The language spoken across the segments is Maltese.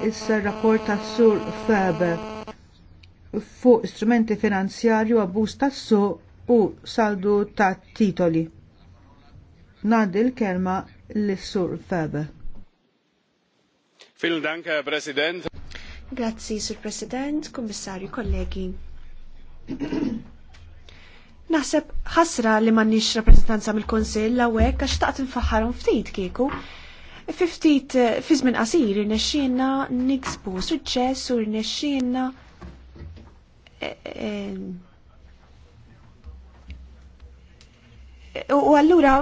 Issa rapport ta' sur feb fuq strumenti finanzjarju abbuż su u saldu ta' titoli. Nadi l-kelma l-sur feb. Fil dank, President. Grazzi, Sur President, Kommissarju, kollegi. Naħseb ħasra li m'għandniex rappreżentanza mill-Konsill 'ewwel għax taqt nfaħħarhom ftit kieku Fiftit eh, fi żmien qasir irnexxielna niksbu suċċess u rnexxielna eh, eh, U allura,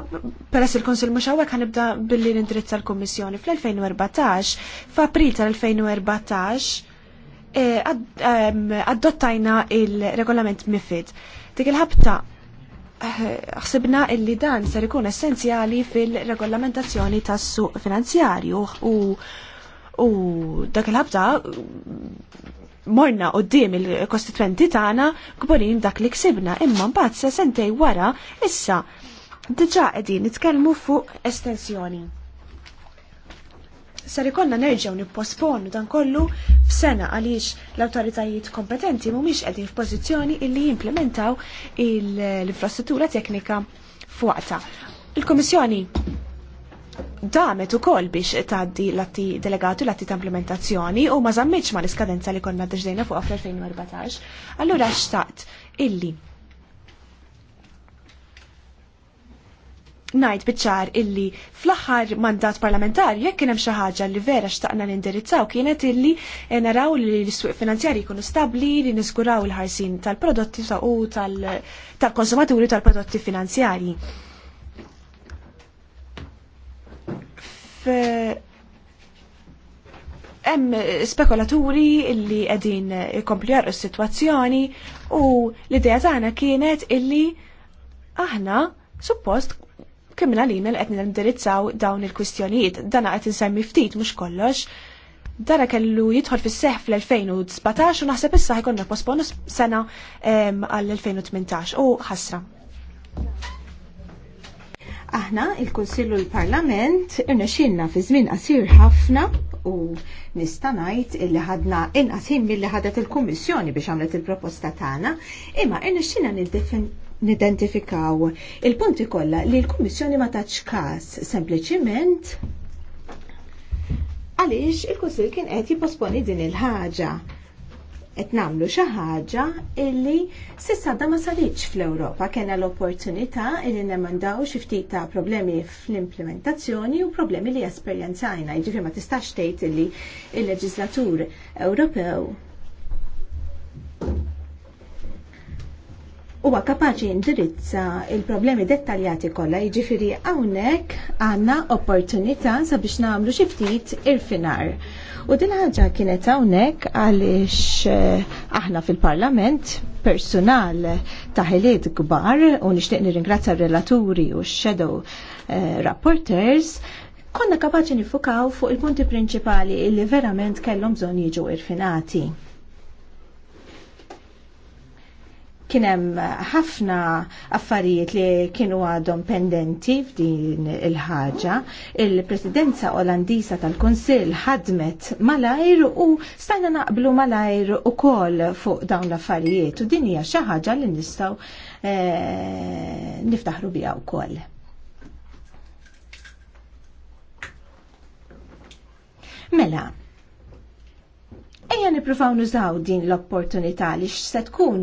peress il-Konsil mux għawek ħanibda billi nindrizza l-Kommissjoni fl-2014, f'April tal-2014, adottajna il-regolament MIFID. Dik il-ħabta ħsibna illi dan ser ikun essenzjali fil-regolamentazzjoni tas-suq finanzjarju u u dak il-ħabta morna qoddim il-kostituenti tagħna kburin dak li ksibna imma mbagħad se sentej wara issa diġà qegħdin nitkellmu fuq estensjoni ser ikollna nerġgħu nipposponu dan kollu f'sena għaliex l-awtoritajiet kompetenti mhumiex qegħdin f'pożizzjoni illi jimplementaw l-infrastruttura teknika fuqta. Il-Komissjoni damet u kol biex taddi l-atti delegatu l-atti ta' implementazzjoni u ma zammitx ma l-iskadenza li konna deġdejna fuqa fl-2014. Allura xtaqt illi ngħid biċ illi fl-aħħar mandat parlamentari jekk kien hemm xi ħaġa li vera xtaqna nindirizzaw kienet illi eh, naraw li l-iswiq finanzjari jkunu stabbli li niżguraw il-ħarsin tal-prodotti u tal-konsumaturi tal-prodotti finanzjari. hemm spekulaturi illi qegħdin ikomplu jarqu s-sitwazzjoni u l-idea tagħna kienet illi aħna suppost kemm minn għalina li qed nindirizzaw dawn il-kwistjonijiet. Dana qed insemmi ftit mhux kollox. Dara kellu jidħol fis-seħ fl-2017 u naħseb issa ħajkonna posponu sena għall-2018 u ħasra. Aħna il kunsillu l-Parlament irnexxinna fi żmien qasir ħafna u nista' ngħid illi ħadna inqas ħin milli ħadet il-Kummissjoni biex għamlet il-proposta tagħna, imma irnexxinna niddefend nidentifikaw il-punti kollha li l-Kummissjoni ma taċ kas sempliciment għaliex il kussil kien qed jipposponi din il-ħaġa qed nagħmlu xi ħaġa illi da ma saritx fl-Ewropa kena l-opportunità illi nemmandaw xi ftit ta' problemi fl-implementazzjoni u problemi li esperjenzajna, jiġifieri ma tistax tgħid illi il-Leġislatur Ewropew huwa kapaċi indirizza il-problemi dettaljati kollha, jiġifieri hawnhekk għandna opportunità sabiex nagħmlu xi ftit irfinar. U din ħaġa kienet hawnhekk għaliex eh, aħna fil-Parlament personal ta' ħiliet kbar u nixtieq nirringrazzja r-relaturi u x-shadow eh, rapporters konna kapaċi nifukaw fuq il-punti prinċipali li verament kellhom bżonn jiġu irfinati. kienem ħafna affarijiet li kienu għadhom pendenti f'din il-ħaġa. Il-presidenza olandisa tal-Konsil ħadmet malajr u stajna naqblu malajr u kol fuq dawn l-affarijiet u din hija xi ħaġa li nistgħu eh, niftaħru biha wkoll. Mela, Ejja niprofaw nużaw din l-opportunità li se tkun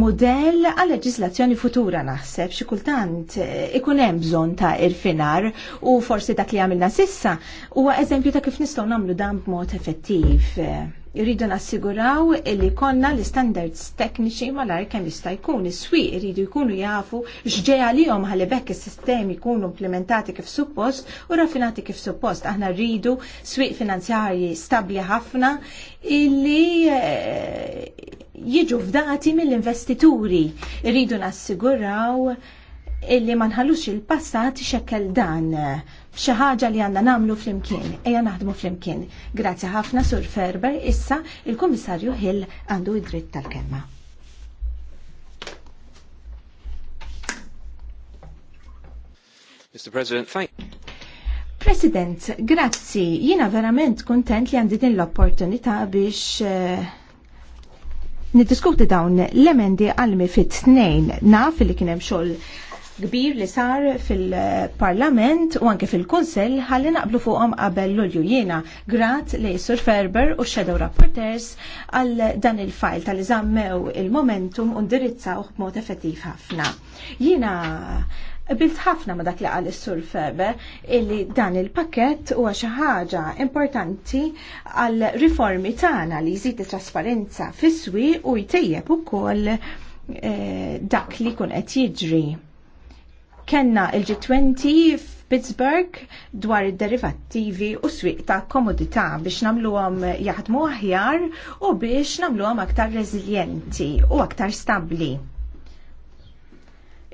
modell għal leġislazzjoni futura naħseb xi kultant eh, ikun hemm bżonn ta' irfinar u forsi dak li għamilna sissa huwa eżempju ta' kif nistgħu nagħmlu dan b'mod effettiv. Irridu nassiguraw li konna l-standards tekniċi malar kemm jista' jkun is-swieq iridu jkunu jafu x'ġej għalihom ħalli bekk is-sistemi jkunu implementati kif suppost u raffinati kif suppost. Aħna rridu swieq finanzjarji stabbli ħafna illi eh, jiġu fdati mill-investituri. Rridu nassiguraw illi ma nħallux il-passat xekkel dan xi ħaġa li għandna nagħmlu flimkien, ejja naħdmu flimkien. Grazzi ħafna Sur Ferber, issa il-Kummissarju Hill għandu id-dritt tal-kelma. Mr. President, thank President, grazzi. Jina verament kontent li għandi din l-opportunità biex uh, Niddiskuti dawn l-emendi għalmi fit tnejn naf li kienem xogħol kbir li sar fil-Parlament u anke fil kunsell ħalli naqblu fuqhom qabel Lulju jiena grat li Sur Ferber u Shadow Rapporters għal dan il-fajl tal-iżammew il-momentum u ndirizzaw b'mod effettiv ħafna. Jiena Bilt ħafna ma dak li għal is-sur Ferber illi dan il-pakket huwa xi ħaġa importanti għal riformi tagħna li jżid trasparenza fis-swi u jtejjeb ukoll eh, dak li kun qed jiġri. Kenna il-G20 f'Pittsburgh dwar id-derivattivi u swieq ta' komodità biex nagħmluhom jaħdmu aħjar u biex nagħmluhom aktar rezilienti u aktar stabbli.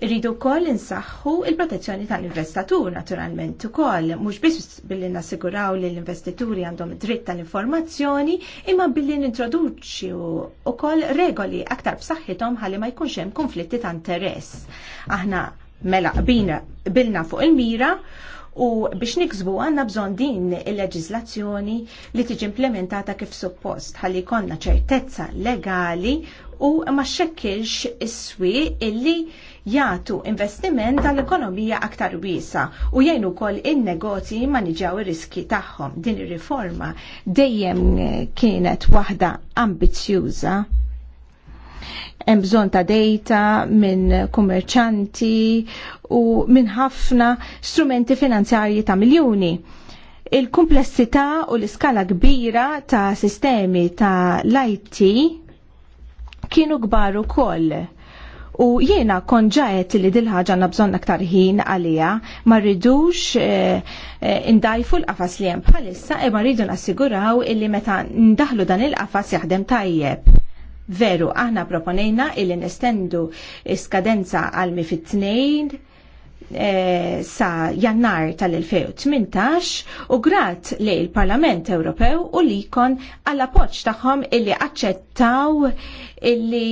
Irridu wkoll insaħħu il-protezzjoni tal-investatur naturalment ukoll, mhux biss billi nassiguraw li l-investituri għandhom dritt tal-informazzjoni, imma billi nintroduċu kol regoli aktar b'saħħithom ħalli ma jkunx hemm konflitti ta' interess. Aħna mela qbina bilna fuq il-mira u biex niksbu għanna bżon din il-leġizlazzjoni li tiġi implementata kif suppost ħalli konna ċertezza legali u ma xekkilx is illi jagħtu investiment għall-ekonomija aktar wiesa u jgħinu kol in-negozji ma ir-riski tagħhom. Din ir-riforma dejjem kienet waħda ambizjuża hemm bżonn ta' data minn kummerċanti u minn ħafna strumenti finanzjarji ta' miljuni il kumplessità u l-iskala kbira ta' sistemi ta' l-IT kienu kbar ukoll. U jiena kon ġajet li dilħaġa ħaġa nabżon aktar ħin għalija, ma rridux eh, eh, indajfu l-qafas li hemm bħalissa e ma rridu nassiguraw illi meta ndaħlu dan il-qafas jaħdem tajjeb. Veru, aħna proponejna illi nestendu skadenza għal mifit tnejn E, eh, sa jannar tal-2018 u grat li l-Parlament Ewropew u li kon għall appoġġ tagħhom illi aċċettaw illi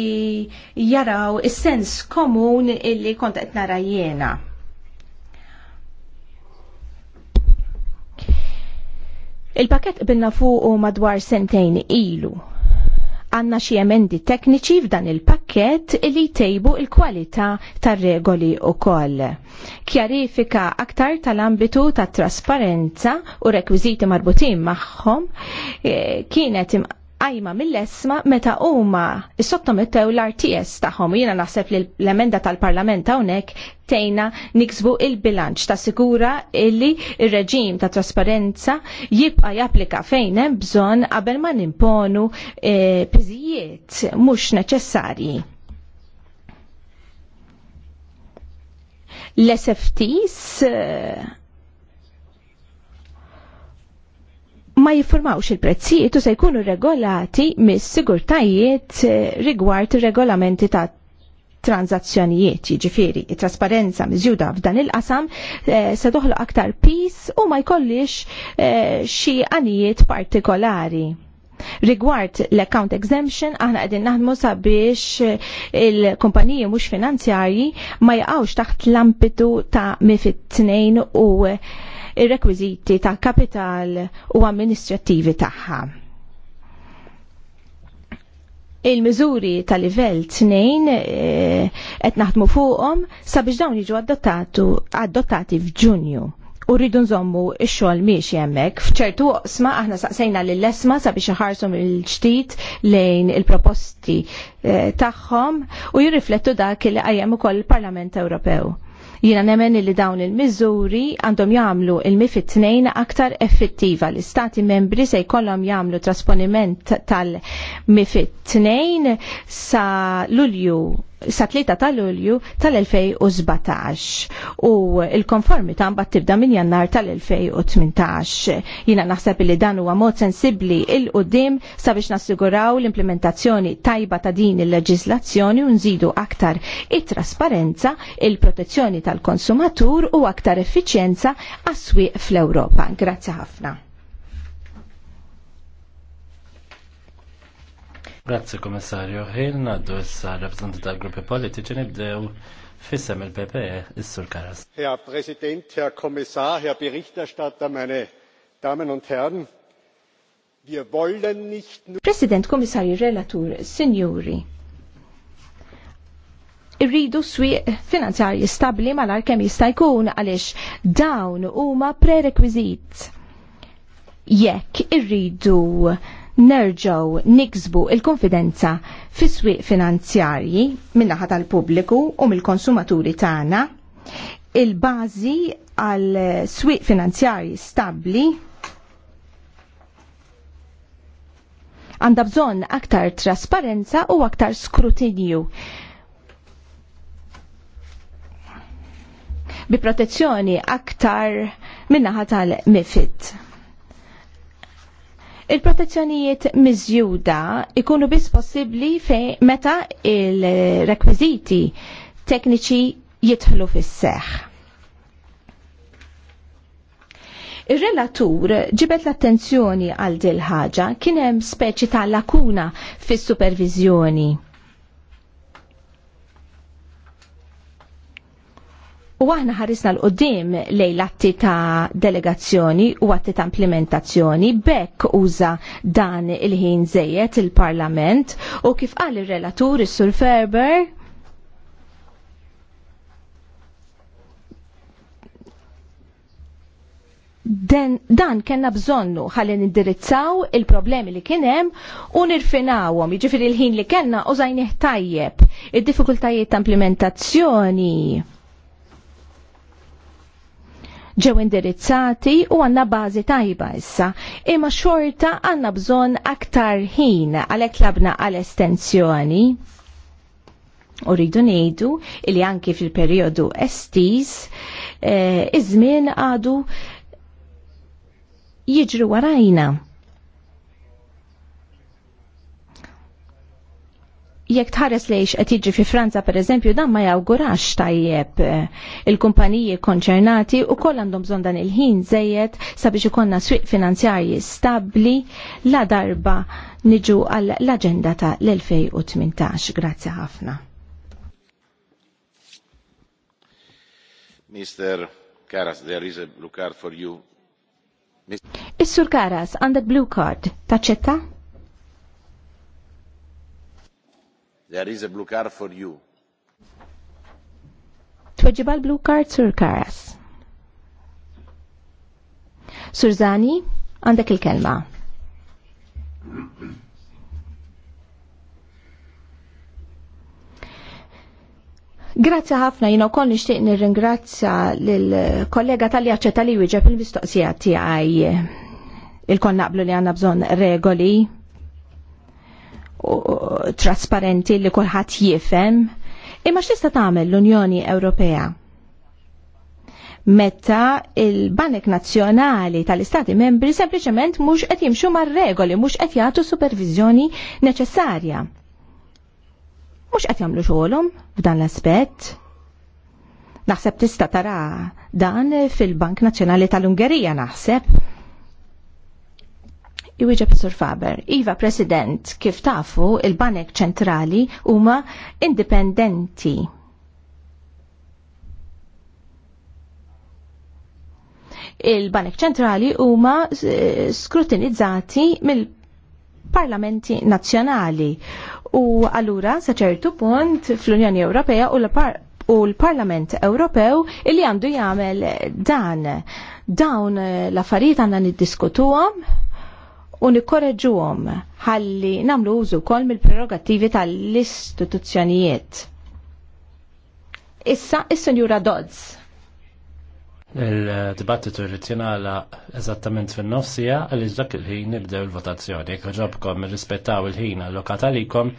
jaraw is-sens komun illi kont qed nara jiena. Il-pakett binna fuq madwar sentejn ilu għanna xi emendi tekniċi f'dan il-pakket li jtejbu il-kwalità tar-regoli wkoll. Kjarifika aktar tal-ambitu ta' trasparenza u rekwiżiti marbutin magħhom eh, kienet għajma mill-esma meta huma sottomettew l-RTS tagħhom jiena naħseb li l-emenda tal-Parlament hawnhekk tejna niksbu il-bilanċ ta' sigura illi il reġim ta' trasparenza jibqa' japplika fejn hemm bżonn qabel ma nimponu e, piżijiet mhux neċessarji. L-SFTs eh, ma jiffurmawx il-prezzijiet u se jkunu regolati mis-sigurtajiet eh, rigward regolamenti ta' tranzazzjonijiet, jiġifieri it-trasparenza miżjuda f'dan il-qasam eh, se toħloq aktar pis u ma jkollix eh, xi għanijiet partikolari. Rigward l-account exemption, aħna qegħdin naħdmu sabiex il-kumpaniji mhux finanzjarji ma jaqgħux taħt l-ambitu ta' MIFID 2 u ir-rekwiżiti ta' kapital u amministrattivi tagħha. Il-miżuri tal livell tnejn eh, qed naħdmu fuqhom sabiex dawn jiġu adottati f'Ġunju u rridu nżommu x-xogħol miex hemmhekk. F'ċertu oqsma aħna saqsejna lill esma sabiex iħarsu mill-ġdid lejn il-proposti eh, tagħhom u jirriflettu dak il qajjem ukoll il-Parlament Ewropew. Jiena nemmen li dawn il-miżuri għandhom jagħmlu il mifit tnejn aktar effettiva. L-istati membri se jkollhom jagħmlu trasponiment tal mifit tnejn sa Lulju sa 3 ta' Lulju tal-2017 u il-konformità mbatt tibda minn Jannar tal-2018. Jiena naħseb li dan huwa mod sensibbli il qudiem sabiex nassiguraw l-implementazzjoni tajba ta' din il leġislazzjoni u nżidu aktar it-trasparenza, il-protezzjoni tal-konsumatur u aktar effiċjenza għas-swieq fl-Ewropa. Grazzi ħafna. Grazzi Komissarju Hill, naddu issa rappresentanti tal-gruppi politiċi nibdew fissem il-PPE, is-Sur Karas. Herr Präsident, Herr Kommissar, Herr Berichterstatter, meine Damen und Herren, wir wollen nicht nur... President, Kommissarju, Relatur, Signori, irridu swieq finanzjarji stabli mal-ar kemm jista' jkun għaliex dawn huma prerequisit jekk irridu nerġaw niksbu il-konfidenza fis-swieq finanzjarji minnaħa tal-pubbliku u mill-konsumaturi tagħna il-bażi għal swieq finanzjarji stabbli għandha bżonn aktar trasparenza u aktar skrutinju. Bi protezzjoni aktar minnaħa tal-mifid Il-protezzjonijiet miżjuda ikunu biss possibbli fe meta il-rekwiżiti tekniċi jitħlu fis-seħħ. Ir-relatur ġibet l-attenzjoni għal dil ħaġa kien hemm speċi ta' lakuna fis-supervizjoni U aħna ħarisna l-qoddim lej l-atti ta' delegazzjoni u atti ta' implementazzjoni bekk uża dan il-ħin zejet il-Parlament u kif qal ir-relatur is-Sur Ferber Den, dan kena bżonnu ħalli nindirizzaw il-problemi li kienem u nirfinawhom. Jiġifieri il ħin li kellna użajnih tajjeb. Id-diffikultajiet ta' implementazzjoni ġew indirizzati u għanna bażi tajba issa. Imma xorta għanna bżonn aktar ħin għalhekk labna għal estensjoni. U rridu ngħidu li anki fil-perjodu estiz eh, iż-żmien għadu jiġri warajna jekk tħares li qed jiġi fi Franza pereżempju dan ma jawgurax tajjeb il-kumpaniji konċernati u koll għandhom bżonn dan il-ħin żejjed sabiex ikollna swieq finanzjarji stabbli la darba niġu għall aġenda ta' l-2018. Grazzi ħafna. Mr. Karas, there is a blue card for you. Is-Sur Karas, għandek blue card, taċċetta? There is a blue card for you. Tweġiba l-blue card sur Karas. Surzani, għandek il-kelma. Grazzi ħafna, jina u koll nishtiq nir-ringrazzja l-kollega tal-li għacċetta li wieġeb il-mistoqsija tiegħi il konnaqblu naqblu li għanna bżon regoli trasparenti li kulħadd jifhem. Imma x'tista' tagħmel l-Unjoni Ewropea? meta il-Banek Nazzjonali tal-Istati Membri sempliċement mhux qed jimxu mar-regoli, mhux qed jagħtu supervizjoni neċessarja. Mhux qed jagħmlu xogħolhom f'dan l-aspett. Naħseb tista' tara dan fil-Bank Nazzjonali tal-Ungerija naħseb. Iwiġa Sur Faber. Iva, President, kif tafu il-Banek ċentrali huma indipendenti. Il-Banek ċentrali huma eh, skrutinizzati mill-parlamenti nazzjonali u allura sa ċertu punt fl-Unjoni Ewropea u l-Par u l-Parlament Ewropew illi għandu jagħmel dan dawn eh, l-affarijiet għandna niddiskutuhom u għom ħalli nagħmlu użu kol mill-prerogattivi tal-istituzzjonijiet. Issa, is-Senjura Dodds. Il-dibattitu għala eżattament fin-nofsija għaliex dak il-ħin nibdew il-votazzjoni. Jekk rispettaw irrispettaw il-ħin allokat għalikom,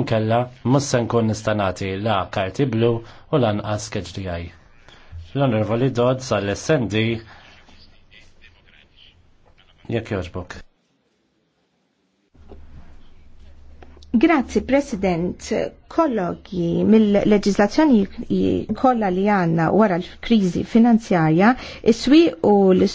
inkella mhux se nkun nistanati la karti blu u lanqas għaj. L-Onorevoli dodz għall essendi jekk jogħġbok. Grazzi, President. Kollogi mill leġislazzjoni kollha li għanna wara l-kriżi finanzjarja, is-swi u l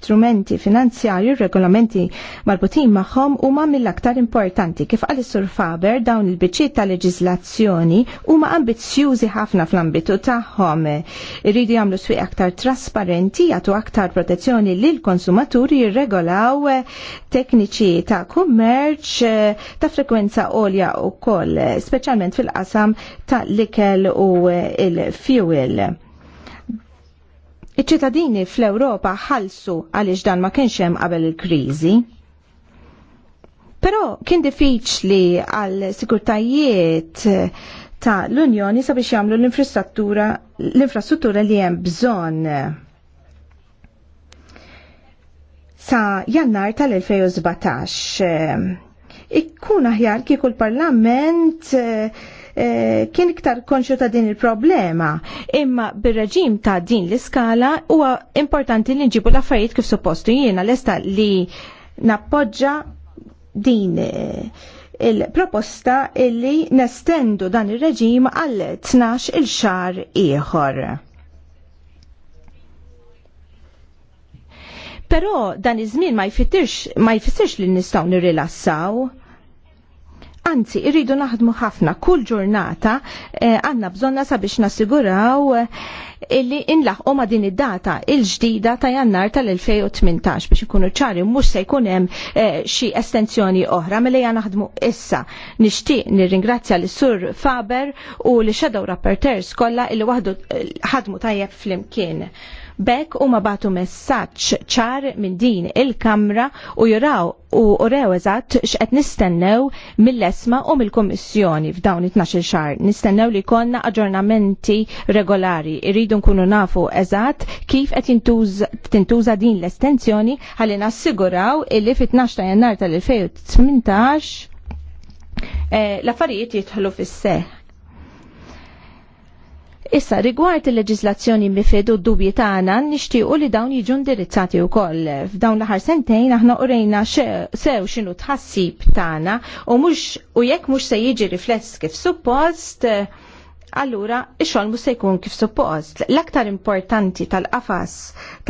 strumenti finanzjarji regolamenti marbutin magħhom huma mill-aktar importanti kif għal sur Faber dawn il-biċiet ta' u huma ambizzjużi ħafna fl-ambitu tagħhom. Irridu jagħmlu swi aktar trasparenti jagħtu aktar protezzjoni lil konsumaturi jirregolaw tekniċi ta' kummerċ ta' frekwenza għolja u koll, speċjalment fil-qasam ta' likel u il-fuel Iċ-ċittadini fl-Ewropa ħalsu għaliex dan ma kienx hemm qabel il-kriżi. Però kien diffiċli għal sikurtajiet ta' l-Unjoni sabiex jagħmlu l-infrastruttura l-infrastruttura li hemm bżonn. Sa jannar tal-2017 eh, ikkun aħjar kieku l-Parlament eh, Eh, kien iktar konxu ta' din il-problema. Imma bir-reġim ta' din l-iskala huwa importanti li nġibu l-affarijiet kif suppostu jiena lesta li nappoġġa din eh, il-proposta illi nestendu dan ir-reġim għal 12 il-xar ieħor. Però dan iż-żmien ma jfittirx ma jfissirx li nistgħu nirrilassaw. Anzi, irridu naħdmu ħafna kull ġurnata eh, għanna bżonna sabiex nassiguraw eh, illi inlaħqu ma din id-data il-ġdida ta' jannar tal-2018 biex ikunu ċari mhux se jkun hemm eh, xi estensjoni oħra mela naħdmu issa. Nixtieq nirringrazzja l sur Faber u l shadow Rapporteurs kollha illi waħdu eh, ħadmu tajjeb flimkien. Bekk huma batu messaġġ ċar minn din il-Kamra u juraw u rew eżatt x'qed nistennew mill-esma u mill-Kummissjoni f'dawn it il xahar. Nistennew li konna aġġornamenti regolari. Irridu nkunu nafu eżatt kif qed tintuża din l-estensjoni ħalli nassiguraw illi fit-12 ta' jannar tal-2018 eh, l-affarijiet jitħlu fis-seħ Issa rigward il-leġislazzjoni mifidu dubji tagħna nixtiequ li dawn jiġu indirizzati wkoll. F'dawn l-aħħar sentejn aħna urejna sew x'inhu tħassib tagħna u mhux u jekk mhux se jiġi rifless kif suppost, allura ix-xogħol mhux se jkun kif suppost. L-aktar importanti tal-qafas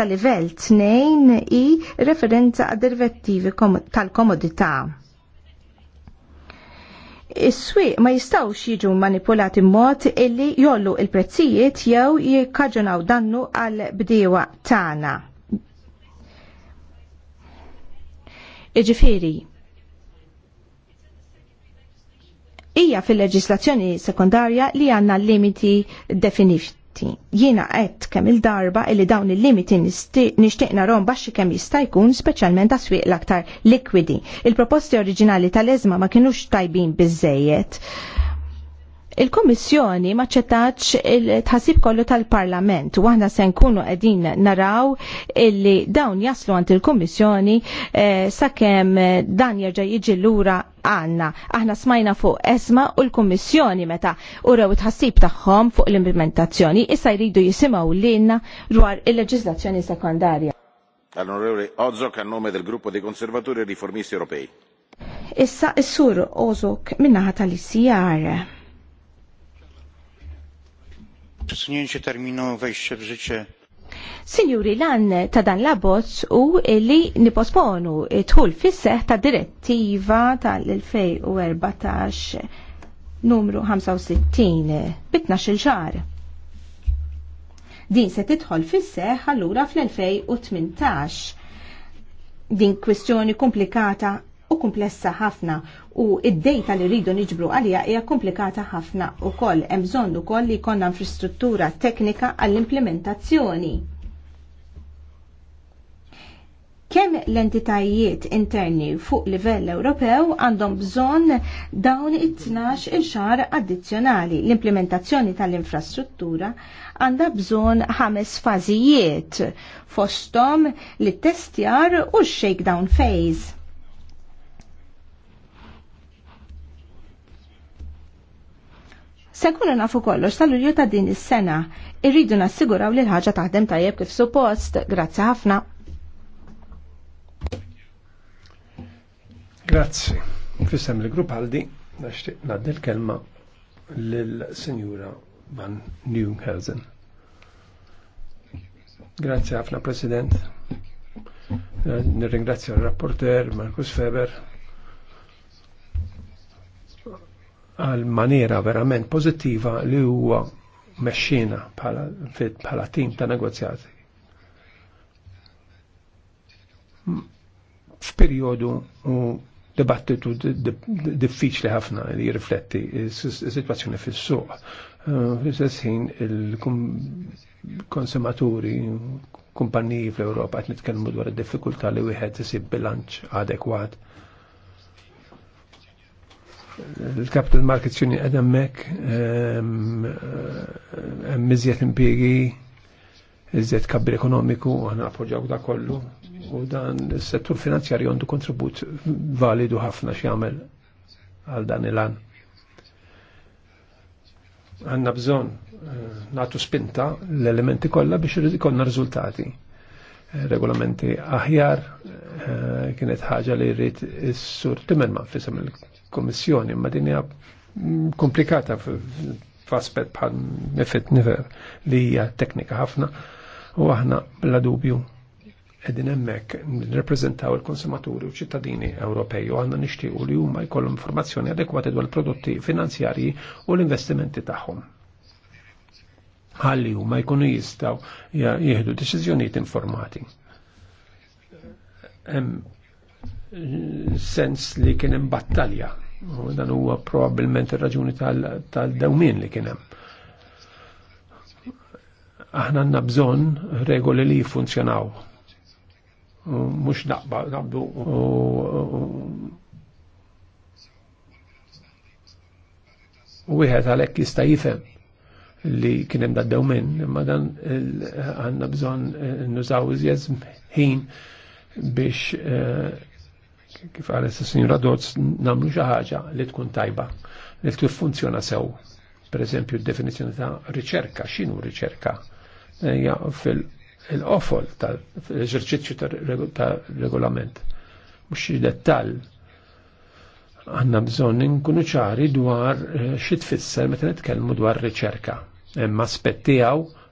tal-livell tnejn hi referenza għad-dervettivi tal-komodità is-swieq ma jistawx jiġu manipulati mod illi jollu il-prezzijiet jew jikkaġunaw dannu għal bdiewa tagħna. Iġifieri, hija fil-leġislazzjoni sekundarja li għandna limiti definiti limitati. Jiena qed kemm il-darba illi dawn il-limiti nixtieq rom baxxi kemm jista' jkun speċjalment taswieq l-aktar likwidi. Il-proposti oriġinali tal-eżma ma kinux tajbin biżejjed. Il-Kommissjoni ma ċettax il-tħassib kollu tal-Parlament u aħna se nkunu qegħdin naraw illi dawn jaslu għand il-Kommissjoni eh, sakemm dan jerġa' jiġi lura għanna. Aħna smajna fuq esma u l-Kommissjoni meta u rew tħassib tagħhom fuq l-implementazzjoni issa jridu jisimgħu lilna dwar il-leġiżlazzjoni sekondarja. All'onorevole Ozok a nome del gruppo dei conservatori e riformisti europei. Issa issur sur Ozok minnaħa tal-ICR. Przesunięcie terminu wejścia w życie Sinjuri, għan ta' dan l u li niposponu tħul fisseħ ta' direttiva tal-2014 numru 65 bitna il Din se titħol fisseħ allura fl-2018. Din kwistjoni komplikata u komplessa ħafna u id-dejta li rridu niġbru għalija hija komplikata ħafna u koll hemm bżonn ukoll li jkollna infrastruttura teknika għall-implementazzjoni. Kemm l-entitajiet interni fuq livell Ewropew għandhom bżonn dawn it tnax il-xar addizzjonali. L-implementazzjoni tal-infrastruttura għandha bżonn ħames fażijiet fosthom l-testjar u x-shakedown phase Se nkunu nafu kollox tal-ulju ta' din is-sena, irridu nassiguraw li l-ħaġa taħdem tajjeb kif suppost. Grazzi ħafna. Grazzi. Fissem il-grupp għaldi, naxtiq naddi l-kelma l-Senjura Van Newhausen. Grazie ħafna President. Nirringrazzja l-rapporter Markus Feber għal maniera verament pozittiva li huwa meċċina bħala tim ta' negozjati. F'periodu u dibattitu diffiċli ħafna li jirrifletti s-situazzjoni fil suq uh, Fil-sessin il-konsumaturi, kumpanniji fl-Ewropa qed nitkellmu dwar id diffikulta li wieħed isib bilanċ adekwat il-capital markets union għad emmek, mizjet impiegi, iżjed kabbir ekonomiku, għana appoġġaw da kollu, u dan il-settur finanzjarju għandu kontribut validu ħafna xjamel għal dan il-għan. Għanna bżon eh, natu spinta l-elementi kollha biex ikonna riżultati. Eh, regolamenti aħjar eh, kienet ħaġa li rrit is-sur Timmerman ma' fissam kommissjoni, ma din hija mm, komplikata f'aspett bħal nifet nifer li hija teknika ħafna u aħna bla dubju qegħdin emmek nirrepreżentaw il-konsumaturi u ċittadini Ewropej u għanna nixtiequ li huma jkollhom informazzjoni adekwati dwar prodotti finanzjarji u l-investimenti tagħhom. Ħalli huma jkunu jistgħu jieħdu deċiżjonijiet informati sens li kien hemm battalja. U dan huwa probabbilment ir-raġuni tal-dewmien li kien hemm. Aħna għandna bżonn regoli li jiffunzjonaw. Mhux naqba naqbdu u wieħed għalhekk jista' jifhem li kien hemm dad-dewmien, imma dan għandna bżonn nużaw iżjed ħin biex eh, kif għal s-sinjura Dodds, namlu ħaġa li tkun tajba, li tkun funzjona sew. Per eżempju, definizjoni ta' riċerka, xinu riċerka? Ja, fil-ofol tal-eżerċizzju ta' regolament. Mux dettal, għanna bżon nkunu ċari dwar eh, xi tfisser meta nitkellmu dwar riċerka. Hemm aspetti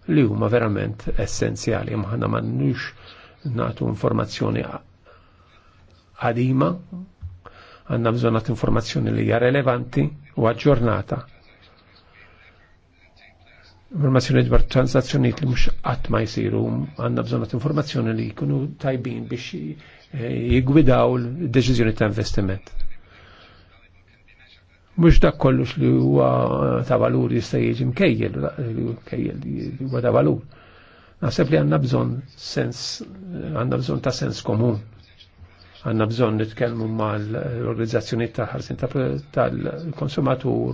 li huma verament essenzjali, ma ħanna m'għandux nagħtu informazzjoni għadima, għanna t informazzjoni li hija relevanti u aġġornata. Informazzjoni dwar transazzjonijiet li mhux qatt ma jsiru, għandna t informazzjoni li jkunu tajbin biex eh, jigwidaw l-deċiżjoni ta' investiment. Mux dak kollux li huwa ta' valur jista' jiġi mkejjel, mkejjel huwa ta' valur. Naħseb li għandna bżonn sens, għandna bżonn ta' sens komun Għanna bżon nitkellmu mal-organizzazzjoni ta' ħarsin tal-konsumatur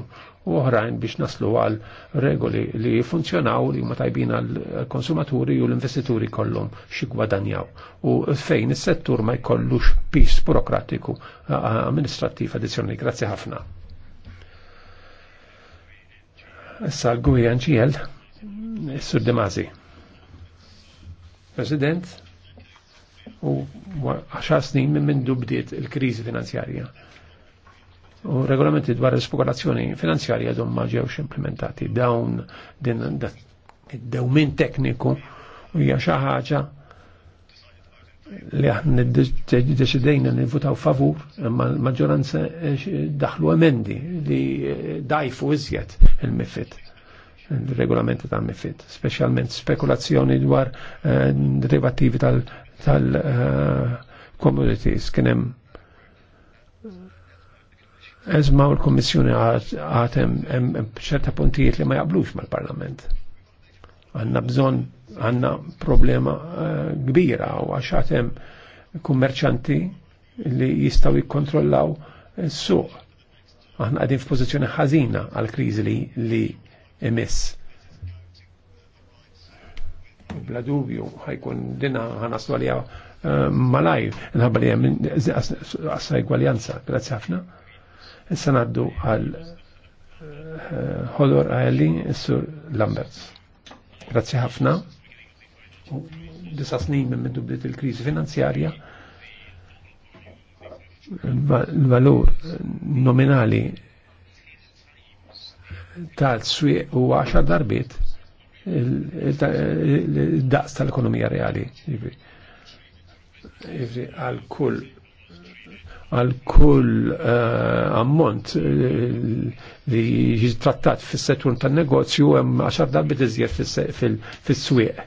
u oħrajn biex naslu għal regoli li funzjonaw li huma tajbin għal konsumaturi u l-investituri kollum xi gwadanjaw. U fejn is-settur ma jkollux pis burokratiku amministrattiv addizzjonali. Grazzi ħafna. Issa l-Gwijan ċiel, Sur Demazi. President, u 10 snin minn mindu dubdiet il krizi finanzjarja. U regolamenti dwar l-spokolazzjoni finanzjarja dom ma ġewx implementati dawn din id-dewmin tekniku u hija xi ħaġa li aħna deċidejna nivutaw favur, imma l-maġġoranza eh, daħlu emendi li eh, dajfu iżjed il-mifit il-regolamenti tal mifid, specialment spekulazzjoni dwar eh, derivativi tal tal-communities kienem Ezma u l-Kommissjoni għatem ċerta puntijiet li ma jaqblux mal-Parlament. Għanna bżon, għanna problema eh, kbira u għax għatem kummerċanti li jistaw jikkontrollaw s-suq. Għanna għadin f-pozizjoni ħażina għal kriżi li emiss bla dubju ħajkun dina ħanaslu għalija eh, malaj, nħabba li għem għassa egwaljanza, grazzi għafna. Issa naddu għal eh, Hodor Għalli, Sur Lamberts. Grazzi ħafna. Disa snin minn minn dubdiet il-krizi finanzjarja, il-valur nominali tal-swieq u 10 darbiet il-daqs tal-ekonomija reali. Jifri għal kull għal kull eh, ammont eh, li jiġi fil fis-settur tan-negozju hemm għaxar darbit iżjed fis-swieq.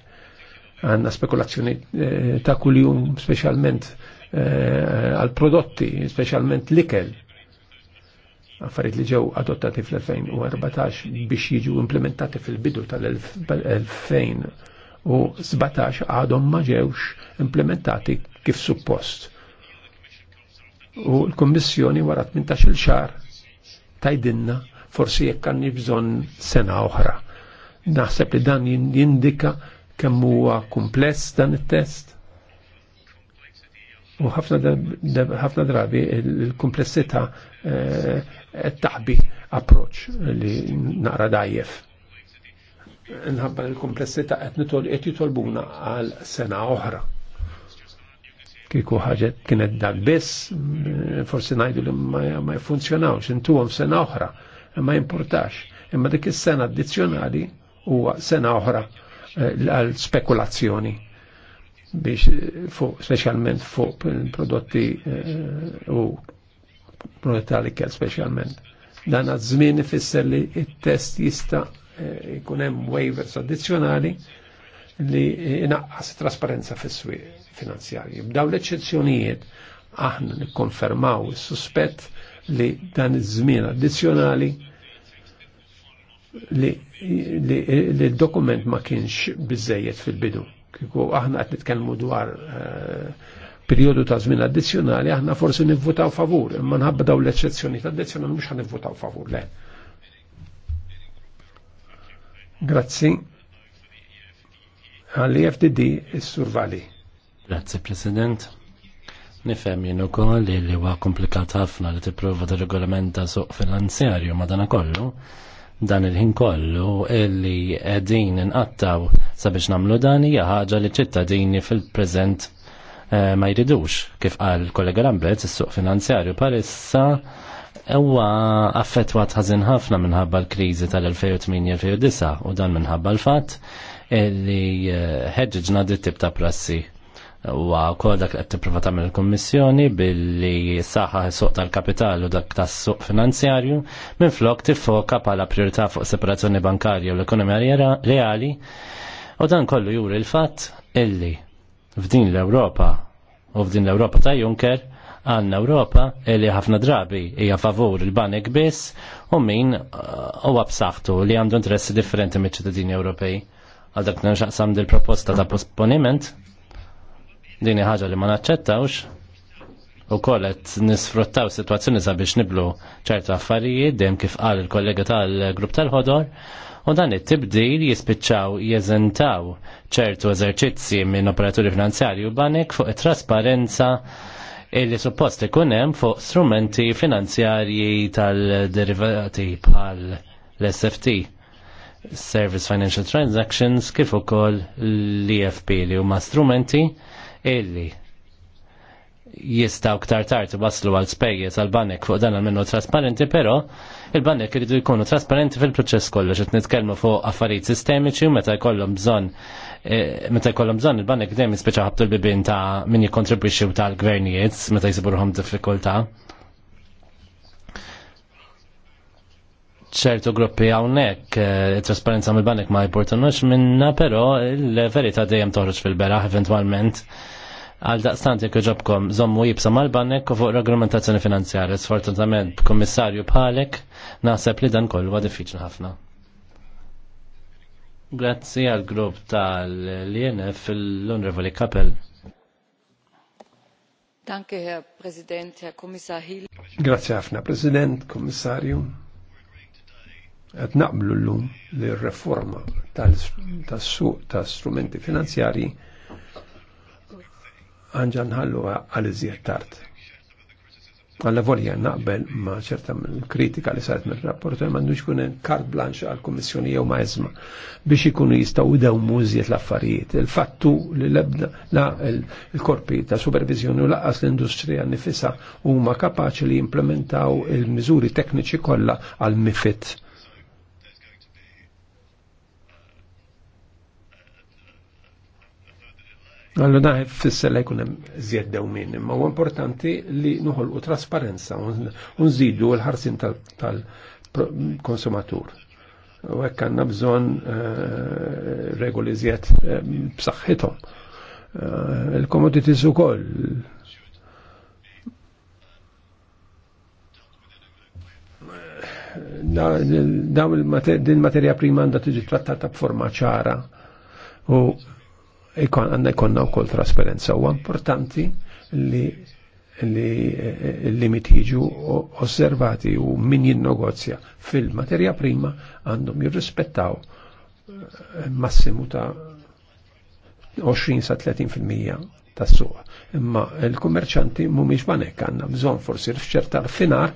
Għanna spekulazzjoni eh, ta' kuljum speċjalment għal prodotti, speċjalment l-ikel affarijiet li ġew adottati fl-2014 biex jiġu implementati fil-bidu tal-2017 għadhom ma ġewx implementati kif suppost. U l-Kommissjoni wara 18-il xar tajdinna forsi jekk għandni bżonn sena oħra. Naħseb li dan jindika kemm huwa kumpless dan it-test U ħafna drabi il-komplessità eh, taħbi approċ li naqra dajjef nħabba l-komplessità qed nitol qed jitolbuna għal sena oħra. Kieku ħaġa kienet dak biss, forsi ngħidu li ma jfunzjonawx, intuhom sena oħra, ma jimportax. Imma dik is-sena addizzjonali huwa sena oħra eh, għal spekulazzjoni biex fuq, specialment fuq prodotti eh, u prodotti għalikel specialment. Dan għazmin ifisser li il-test jista jkun eh, hemm waivers addizzjonali li inaqqas trasparenza fis-swieq finanzjarji. B'daw l-eċċezzjonijiet aħna nikkonfermaw is-suspett li dan iż-żmien addizzjonali li, li, dokument ma kienx bizzejiet fil-bidu kiku aħna qed nitkellmu dwar eh, periodu ta' żmien addizzjonali aħna forsi nivvutaw favur, imma nħabba daw l-eċċezzjoni ta' addizzjonali mhux nivvotaw favur le. Grazzi. Għalli FDD is-survali. Grazzi President. Nifhem jien ukoll li huwa komplikat ħafna li tipprova tirregolamenta suq finanzjarju madanakollu. kollu dan il-ħin kollu illi qegħdin inqattaw sabiex nagħmlu dan hija ħaġa li ċittadini fil-preżent eh, ma jridux kif qal kollega Lambert is-suq finanzjarju palissa huwa affettwat ħażin ħafna minħabba l-kriżi tal-2008-2009 u dan minħabba l-fatt illi eh, ħeġġġna dit tip ta' prassi u għakol dak qed tipprova tagħmel il-Kummissjoni billi saħa suq tal-kapital u dak tas-suq finanzjarju minflok tiffoka bħala priorità fuq separazzjoni bankarja u l-ekonomija reali u dan kollu juri l-fatt illi f'din l-Ewropa u f'din l-Ewropa ta' Juncker għanna Ewropa illi ħafna drabi hija favur il-banek biss u min uh, huwa b'saħħtu li għandu interessi differenti miċ-ċittadini Ewropej. Għal dak nxaqsam dil-proposta ta' posponiment Dini ħaġa li ma naċċettawx u kollet nisfruttaw situazzjoni sabiex niblu ċertu affarijiet dem kif qal il-kollega tal-grupp tal-ħodor u dan it-tibdil jispiċċaw jeżentaw ċertu eżerċizzi minn operaturi finanzjarji u banek fuq it-trasparenza illi suppost ikun hemm fuq strumenti finanzjarji tal-derivati bħal l-SFT. Service Financial Transactions kif ukoll l-EFP li huma strumenti illi jistaw ktar tard baslu għal spejjes għal banek fuq dan minnu trasparenti, però il-banek iridu jkunu trasparenti fil-proċess kollu xed nitkellmu fuq affarijiet sistemiċi u meta jkollhom bżonn eh, meta jkollhom bżon il-banek dejjem jispiċa ħabtu l-bibin ta' min jikkontribwixxi tal-gvernijiet meta jsiburhom diffikultà. ċertu gruppi għawnek, eh, trasparenza mill-banek ma jportunux minna, pero il-verita dejjem toħroġ fil-beraħ eventualment. Għal daqstant jek ġobkom zommu jibsa mal-bannek u fuq regolamentazzjoni finanzjarja. Sfortunatament komissarju bħalek naħseb li dan kollu għadifiċna diffiċli ħafna. Grazzi għal grupp tal-INF l-Onorevoli Kapel. Danke, Herr Präsident, Herr Kommissar Hill. Grazie ħafna, President, Kommissarju. Għet naqblu l-lum li r-reforma tal-strumenti finanzjari għanġan ħallu għal iżjed tard. Għalla volja naqbel ma ċerta kritika li saret mill rapport ma għandux kun kart blanċ għal komissjoni jew ma jizma biex ikunu jistaw daw mużiet l-affarijiet. Il-fattu li lebda la il-korpi ta' supervizjoni u laqqas l-industrija nifisa huma kapaċi li jimplementaw il-miżuri tekniċi kollha għal mifit Għallu daħi fissa li kunem zjed dewmin, imma u importanti li nuħol u trasparenza, unżidu l-ħarsin tal-konsumatur. U għek għanna bżon eh, regoli zjed eh, b'saħħithom. Eh, il komoditi su koll. Daw materja prima għanda tiġi trattata b'forma ċara u għanna jkonna u koll trasparenza. U importanti li li eh, eh, limit jiġu osservati u min jinnogozja fil-materja prima għandhom jirrispettaw eh, massimu ta' 20 sa 30% tas suq Imma il-kummerċanti mumiġ banek għanna bżon forsi rfċerta finar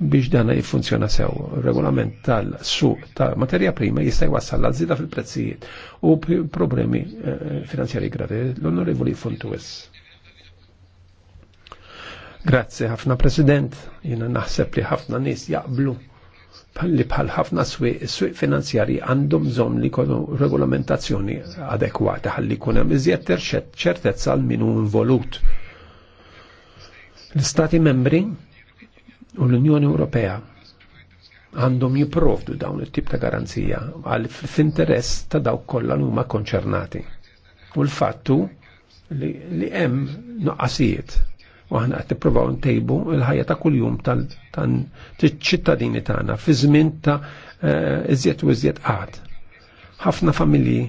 biex dan jiffunzjona sew. Regolament tal-suq ta' materja prima jista' jwassal la żida fil-prezzijiet u problemi eh, finanzjari gravi. L-Onorevoli Fontues. Grazzi ħafna President, jina naħseb li ħafna nies jaqblu li bħal ħafna swieq is-swieq finanzjari għandhom bżonn li jkollhom regolamentazzjoni adekwata ħalli jkun hemm iżjed ċertezza għal min hu involut. L-Stati membri u l-Unjoni Ewropea għandhom jiprovdu dawn it-tip ta' garanzija għal f'interess ta' dawk kollha huma konċernati. U l-fattu li hemm noqqasijiet u aħna qed nippruvaw ntejbu l-ħajja ta' kuljum tal-ċittadini tagħna fi żmien ta' eh, iżjed u iżjed qatt. Ħafna familji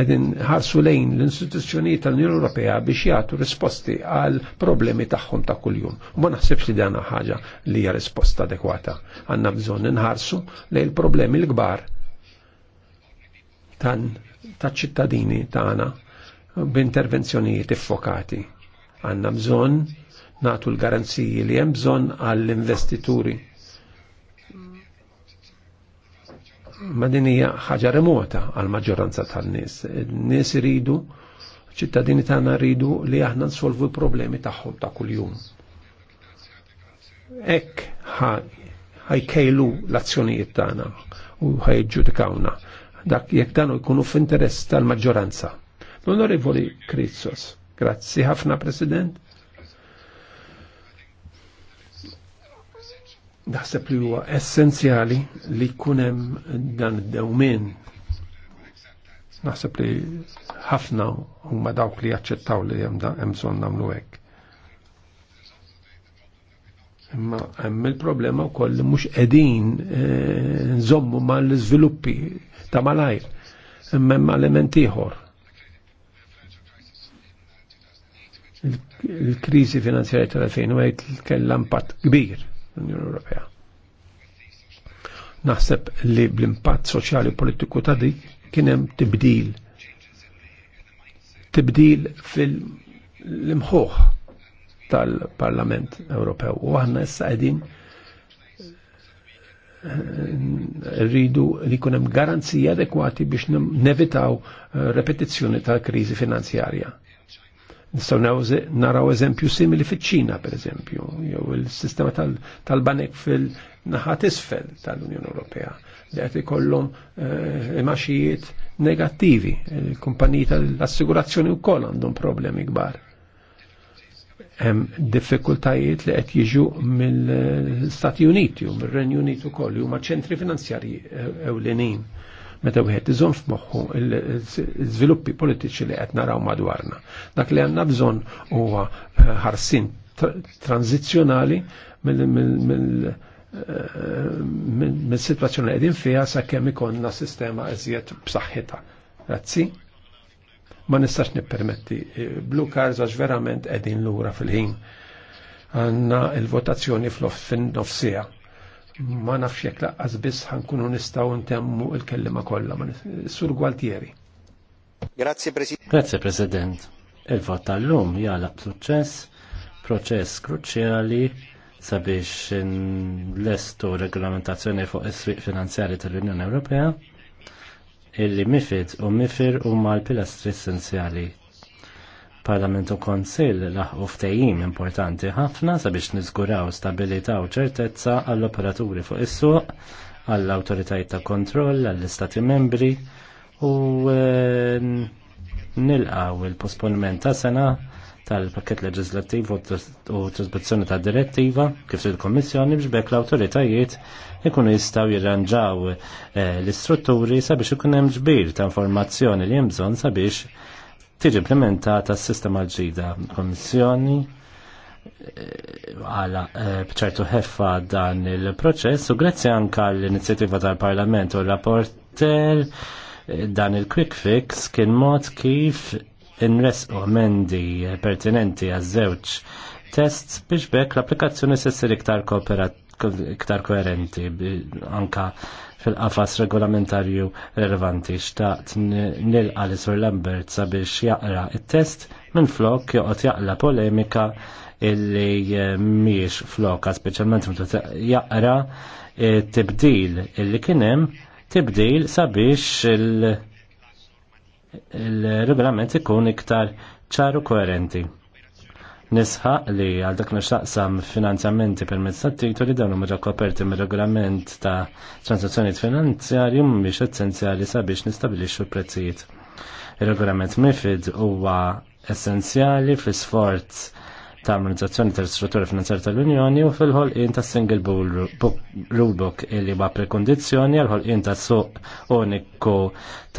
għedin ħarsu lejn l-istituzzjonijiet tal-Unjoni Ewropea biex jagħtu risposti għal problemi tagħhom ta' kuljum. U ma naħsibx li dana ħaġa li hija risposta adekwata. Għandna bżonn inħarsu lejn il-problemi l-kbar tal-ċittadini tagħna b'intervenzjonijiet iffokati. Għandna bżonn nagħtu l-garanziji li hemm bżonn għall-investituri ma din hija ħaġa remota għal maġġoranza tan-nies. Nies iridu, ċittadini tagħna ridu li aħna nsolvu l-problemi tagħhom ta' kuljum. Ek ħajkejlu l-azzjonijiet tagħna u ħajġġudikawna. Dak jekk dan jkunu f'interess tal-maġġoranza. L-Onorevoli Krizzos, grazzi ħafna President. Daħseb li huwa essenzjali li kunem dan id dewmien Naħseb li ħafna huma dawk li jaċċettaw li hemm bżonn nagħmlu hekk. Imma hemm il-problema wkoll li mhux qegħdin e, nżommu mal-iżviluppi ta' malajr. Imma hemm element ieħor. Il-kriżi finanzjarja tal-2008 kellha impatt kbir l-Unjoni Ewropea. Naħseb li bl-impatt soċjali u politiku ta' dik kien hemm tibdil. Tibdil fil-imħuħ tal-Parlament Ewropew. U għanna issa qegħdin eh, rridu li kunem garanzija adekwati biex nevitaw eh, repetizzjoni tal kriżi finanzjarja Nistaw naraw eżempju simili fiċ-Ċina, per eżempju, jew il-sistema tal-banek fil-naħat isfel tal-Unjoni Ewropea li qed ikollhom eh, imaxijiet negattivi. Il-kumpaniji tal-assigurazzjoni wkoll għandhom problemi kbar. Hemm diffikultajiet li qed jiġu mill-Stati Uniti u mir-Renju Unit ukoll li huma ċentri finanzjarji eh, ewlenin meta wieħed iżomm f'moħħu l-żviluppi politiċi li qed naraw madwarna. Dak li għandna bżonn huwa eh, ħarsin tranzizzjonali eh, mill-situazzjoni qegħdin fiha sakemm ikollna sistema iżjed b'saħħitha. Grazzi. Ma nistax nippermetti eh, blue cards għax verament qegħdin lura fil-ħin. Għandna il-votazzjoni fl-offin nofsija ma nafx jekk laqqas biss ħankunu nistgħu ntemmu l-kellima kollha Sur Gualtieri. Grazie President. Grazie President. Il-vot tal-lum jgħalab suċċess, proċess kruċjali sabiex lestu regolamentazzjoni fuq is-swieq finanzjari tal-Unjoni Ewropea illi mifid u mifir huma l pilastri essenzjali Parlament u Konsil laħqu ftejjim importanti ħafna sabiex niżguraw stabilità u ċertezza għall-operaturi fuq is-suq, għall-awtoritajiet ta' kontroll, għall-istati membri u e, nilqaw il-posponiment ta' sena tal-pakket leġislattiv u trasposizzjoni ta' direttiva kif il-Kommissjoni biex bekk l-awtoritajiet ikunu jistaw jirranġaw e, l-istrutturi sabiex ikun hemm ġbir ta' informazzjoni li hemm bżonn sabiex tiġi implementata s-sistema ġida komissjoni eh, għala eh, bċertu ħeffa dan il-proċess u grazzi anka l-inizjattiva tal-Parlament u l-rapporter eh, dan il-quick fix kien mod kif inres u mendi pertinenti għaż-żewġ test biex bekk l-applikazzjoni s-sir iktar iktar koerenti anka fil-qafas regolamentarju relevanti xtaqt nilqa li Sur Lambert sabiex jaqra t test minn flok joqgħod jaqla polemika illi eh, miex floka, speċjalment meta jaqra tibdil illi kien hemm tibdil sabiex il-regolament ikun iktar ċaru koerenti nisħaq li għal dak nixtaqsam finanzjamenti permezz ta' titoli dawn huma koperti mir-regolament ta' transazzjonijiet finanzjarji mhumiex essenzjali sabiex nistabilixxu l-prezzijiet. Ir-regolament MIFID huwa essenzjali fl-isforz ta' armonizzazzjoni tal-istruttura finanzjarja tal-Unjoni u fil-ħolqien ta' single rulebook illi ba' prekondizzjoni għal ħolqien ta' suq uniku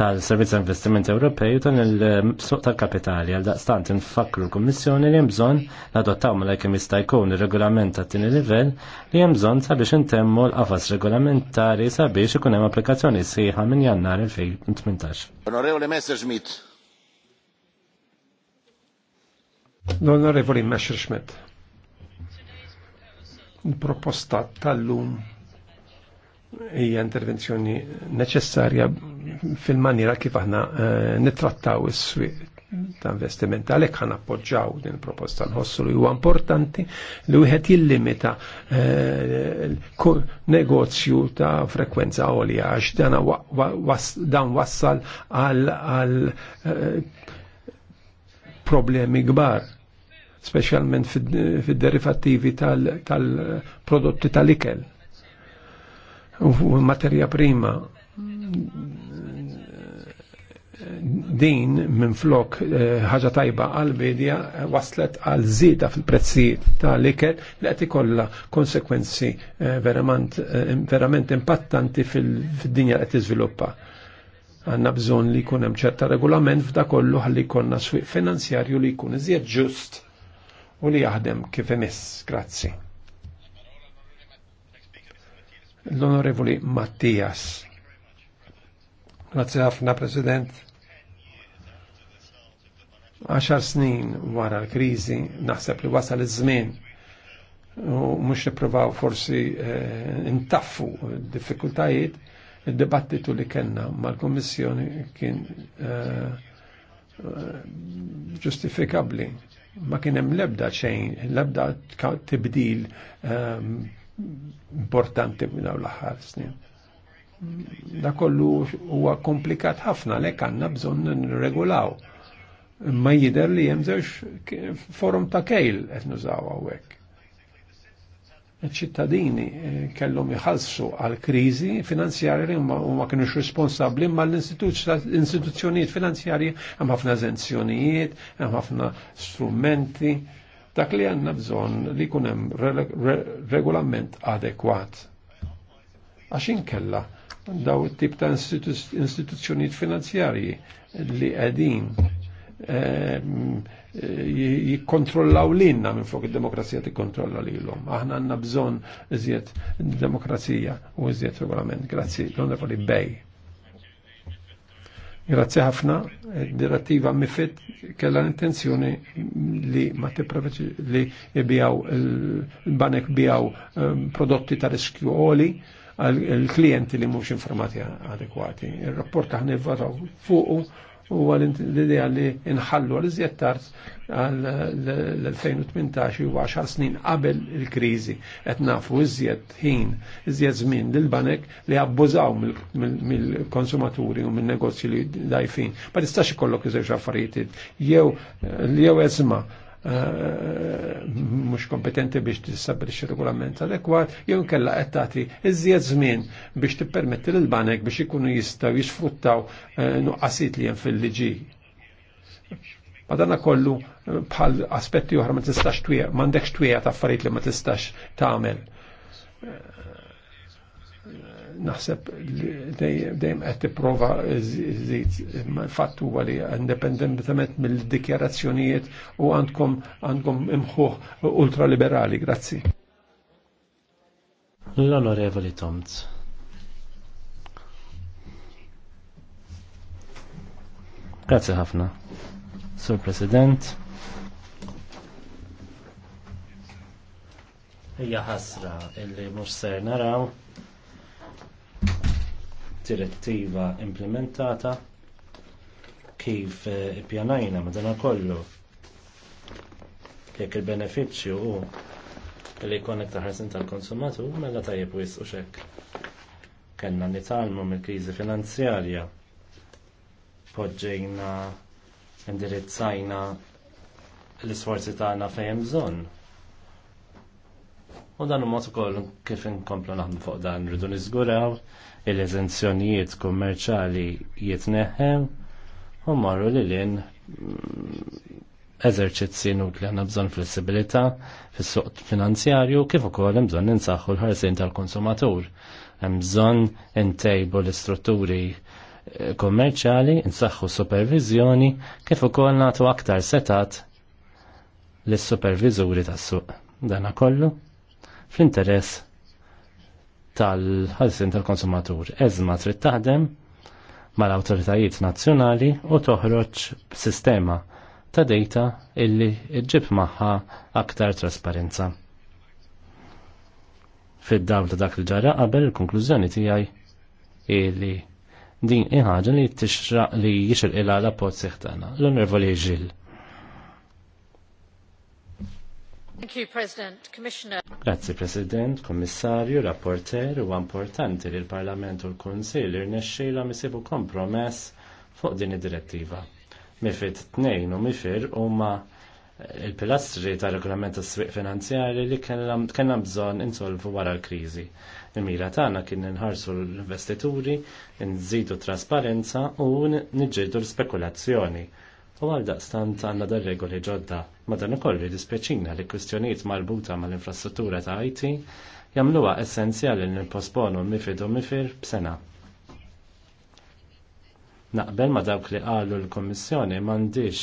tal-Servizz ta' Investimenti Ewropej u tan il-suq tal-kapitali għal daqstant infakru l-Kummissjoni li jemżon bżonn nadottaw ma' kemm jista' jkun ir-regolament ta' tieni livell li hemm bżonn sabiex intemmu l-qafas regolamentari sabiex ikun hemm applikazzjoni sħiħa minn Jannar 2018. Onorevole Messerschmidt. L-Onorevoli Messerschmidt. Proposta tal-lum hija intervenzjoni neċessarja fil-maniera kif aħna eh, nittrattaw is-swieq ta' investiment. Għalek ħan appoġġaw din proposta nħossu li huwa importanti li wieħed jillimita eh, negozju ta' frekwenza għolja għax dan wassal għal eh, problemi kbar specialment fid-derivattivi tal-prodotti tal-ikel u materja prima din minn flok eh, ħaġa tajba għal bidja eh, waslet għal zida fil-prezzi tal-ikel li qed ikollha konsekwenzi eh, verament impattanti fil-dinja qed tiżviluppa. Għanna bżon li jkun hemm ċerta regolament f'da kollu ħalli jkollna swieq finanzjarju li kun iżjed ġust u li jaħdem kif imiss. Grazzi. L-Onorevoli Mattias. Grazzi ħafna, President. Għaxar snin wara l-krizi, naħseb li wasal iż-żmien u mhux nippruvaw forsi intaffu eh, d-diffikultajiet, id-dibattitu li kellna mal-Kummissjoni kien eh, eh, ġustifikabbli. Uh, ma kien hemm lebda xejn, l-ebda tibdil ehm, importanti minn dawn l-aħħar snin. Da kollu huwa komplikat ħafna lek għandna bżonn nirregulaw. Ma jider li hemm żewġ forum ta' kejl qed nużaw hawnhekk ċittadini eh, kellhom jħallsu għal kriżi finanzjarji u ma kienux responsabbli ma l-istituzzjonijiet finanzjarji hemm ħafna eżenzjonijiet, hemm ħafna strumenti. Dak li għandna bżonn li jkun hemm regolament adekwat. Għax inkella daw it-tip ta' istituzzjonijiet finanzjarji li qegħdin eh, Eh, jikkontrollaw l-inna minn fuq il-demokrazija tikkontrolla li l-om. Aħna għanna bżon iżjed demokrazija u iżjed regolament. Grazzi, l-onorevoli Bej. Grazzi ħafna, direttiva mifet kella l-intenzjoni li ma tippreveċi li jibijaw il-banek bijaw eh, prodotti ta' riskju oli għal klienti li mhux informati adekwati. Il-rapport aħna votaw fuqu u l-idea li nħallu għal-iżjed tard l-2018 u 10 snin qabel il-krizi qed nafu iżjed ħin, iżjed żmien dil banek li abbużaw mill-konsumaturi u mill-negozji li dajfin. Ma tistax ikollok iżewġ affarijiet jew jew eżma' Eh, mhux kompetenti biex x regolament adekwat, jew inkella qed tagħti iżjed żmien biex tippermetti l banek biex ikunu jistgħu jisfruttaw eh, nuqqasit li hemm fil-liġi. Madana kollu eh, bħal aspetti oħra ma tistax twieq, m'għandekx wija ta' affarijiet li ma tistax tagħmel naħseb dejjem qed tipprova żid fatt huwa li indipendentement mill-dikjarazzjonijiet u għandkom għandkom imħuħ ultraliberali, grazzi. L-Onorevoli Tomz. Grazie ħafna. Sur President. Hija ħasra illi mhux ser naraw direttiva implementata kif eh, ippjanajna kollu. jekk il-benefiċċju hu li iktar ħarsin tal-konsumatur mela tajjeb u u xekk. Kellna nitalmu mill-kriżi finanzjarja poġġejna indirizzajna l-isforzi tagħna fejn bżonn. U dan u mod ukoll kif inkomplu naħdmu fuq dan rridu niżguraw il-eżenzjonijiet kummerċali jitneħħem u marru li l-in mm, eżerċizzi li għanna bżon flessibilità fis-suq finanzjarju kif ukoll hemm bżonn insaħħu l-ħarsien tal-konsumatur. Hemm bżonn intejbu l-istrutturi eh, kummerċali, nsaħħu supervizjoni kif ukoll nagħtu aktar setat lis superviżuri tas-suq. Dana kollu fl-interess tal ħazin tal-konsumatur. Eżma trid taħdem mal-awtoritajiet nazzjonali u toħroġ b'sistema ta' data illi ġib magħha aktar trasparenza. Fid-dawl ta' dak li ġara qabel il-konklużjoni tiegħi illi din iħaġa li tixraq li jixil ila la pot seħtana. L-onorvoli ġil. Thank you, President, Commissioner. Grazzi, President, Kummissarju, Rapporter, u importanti li l-Parlament u l-Konsil irnexxejla misibu kompromess fuq din id-direttiva. Mifid tnejn u mifir huma il-pilastri ta' regolament tas swieq finanzjari li kellna bżonn insolvu wara l-kriżi. Il-mira tagħna kien inħarsu l-investituri, nżidu trasparenza u niġġieldu l-spekulazzjoni U għal daqstant għanna dar regoli ġodda. Madan ukoll dispjaċina li kwistjonijiet marbuta mal-infrastruttura ta' IT jagħmluha essenzjali li nipposponu mifid u mifir b'sena. Naqbel ma dawk li qalu l-Kommissjoni m'għandix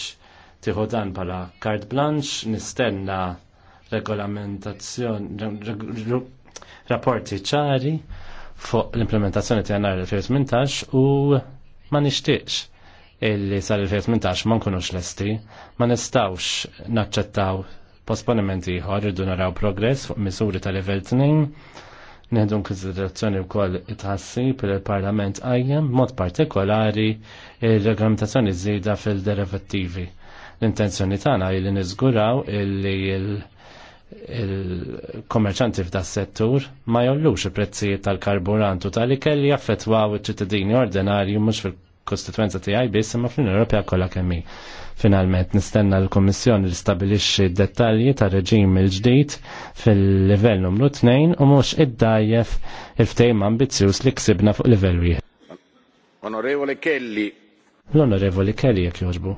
tieħu dan bħala carte blanche nistenna regolamentazzjoni rapporti ċari fuq l-implementazzjoni ta' jannar 2018 u ma nixtieqx illi sal-2018 ma nkunux lesti, ma nistawx naċċettaw posponimenti ieħor irdu naraw progress fuq misuri ta' level 2, neħdu konsiderazzjoni wkoll it-ħassib li parlament qajjem mod partikolari il-reglamentazzjoni żieda fil-derivattivi. L-intenzjoni tagħna li niżguraw illi il-kommerċanti f'da settur ma jollux il-prezzijiet tal-karburantu tal-ikelli jaffetwaw il ċittadini ordinarju mhux fil kostituenza tiegħi biss imma fl-Unjoni Ewropea kollha kemm Finalment nistenna l-Kummissjoni li stabilixxi d-dettalji ta' reġim il-ġdid fil-livell numru 2 u mhux dajjef il-ftehim ambizzjuż li ksibna fuq livell wieħed. Onorevoli Kelly. L-Onorevoli Kelly jekk jogħġbu.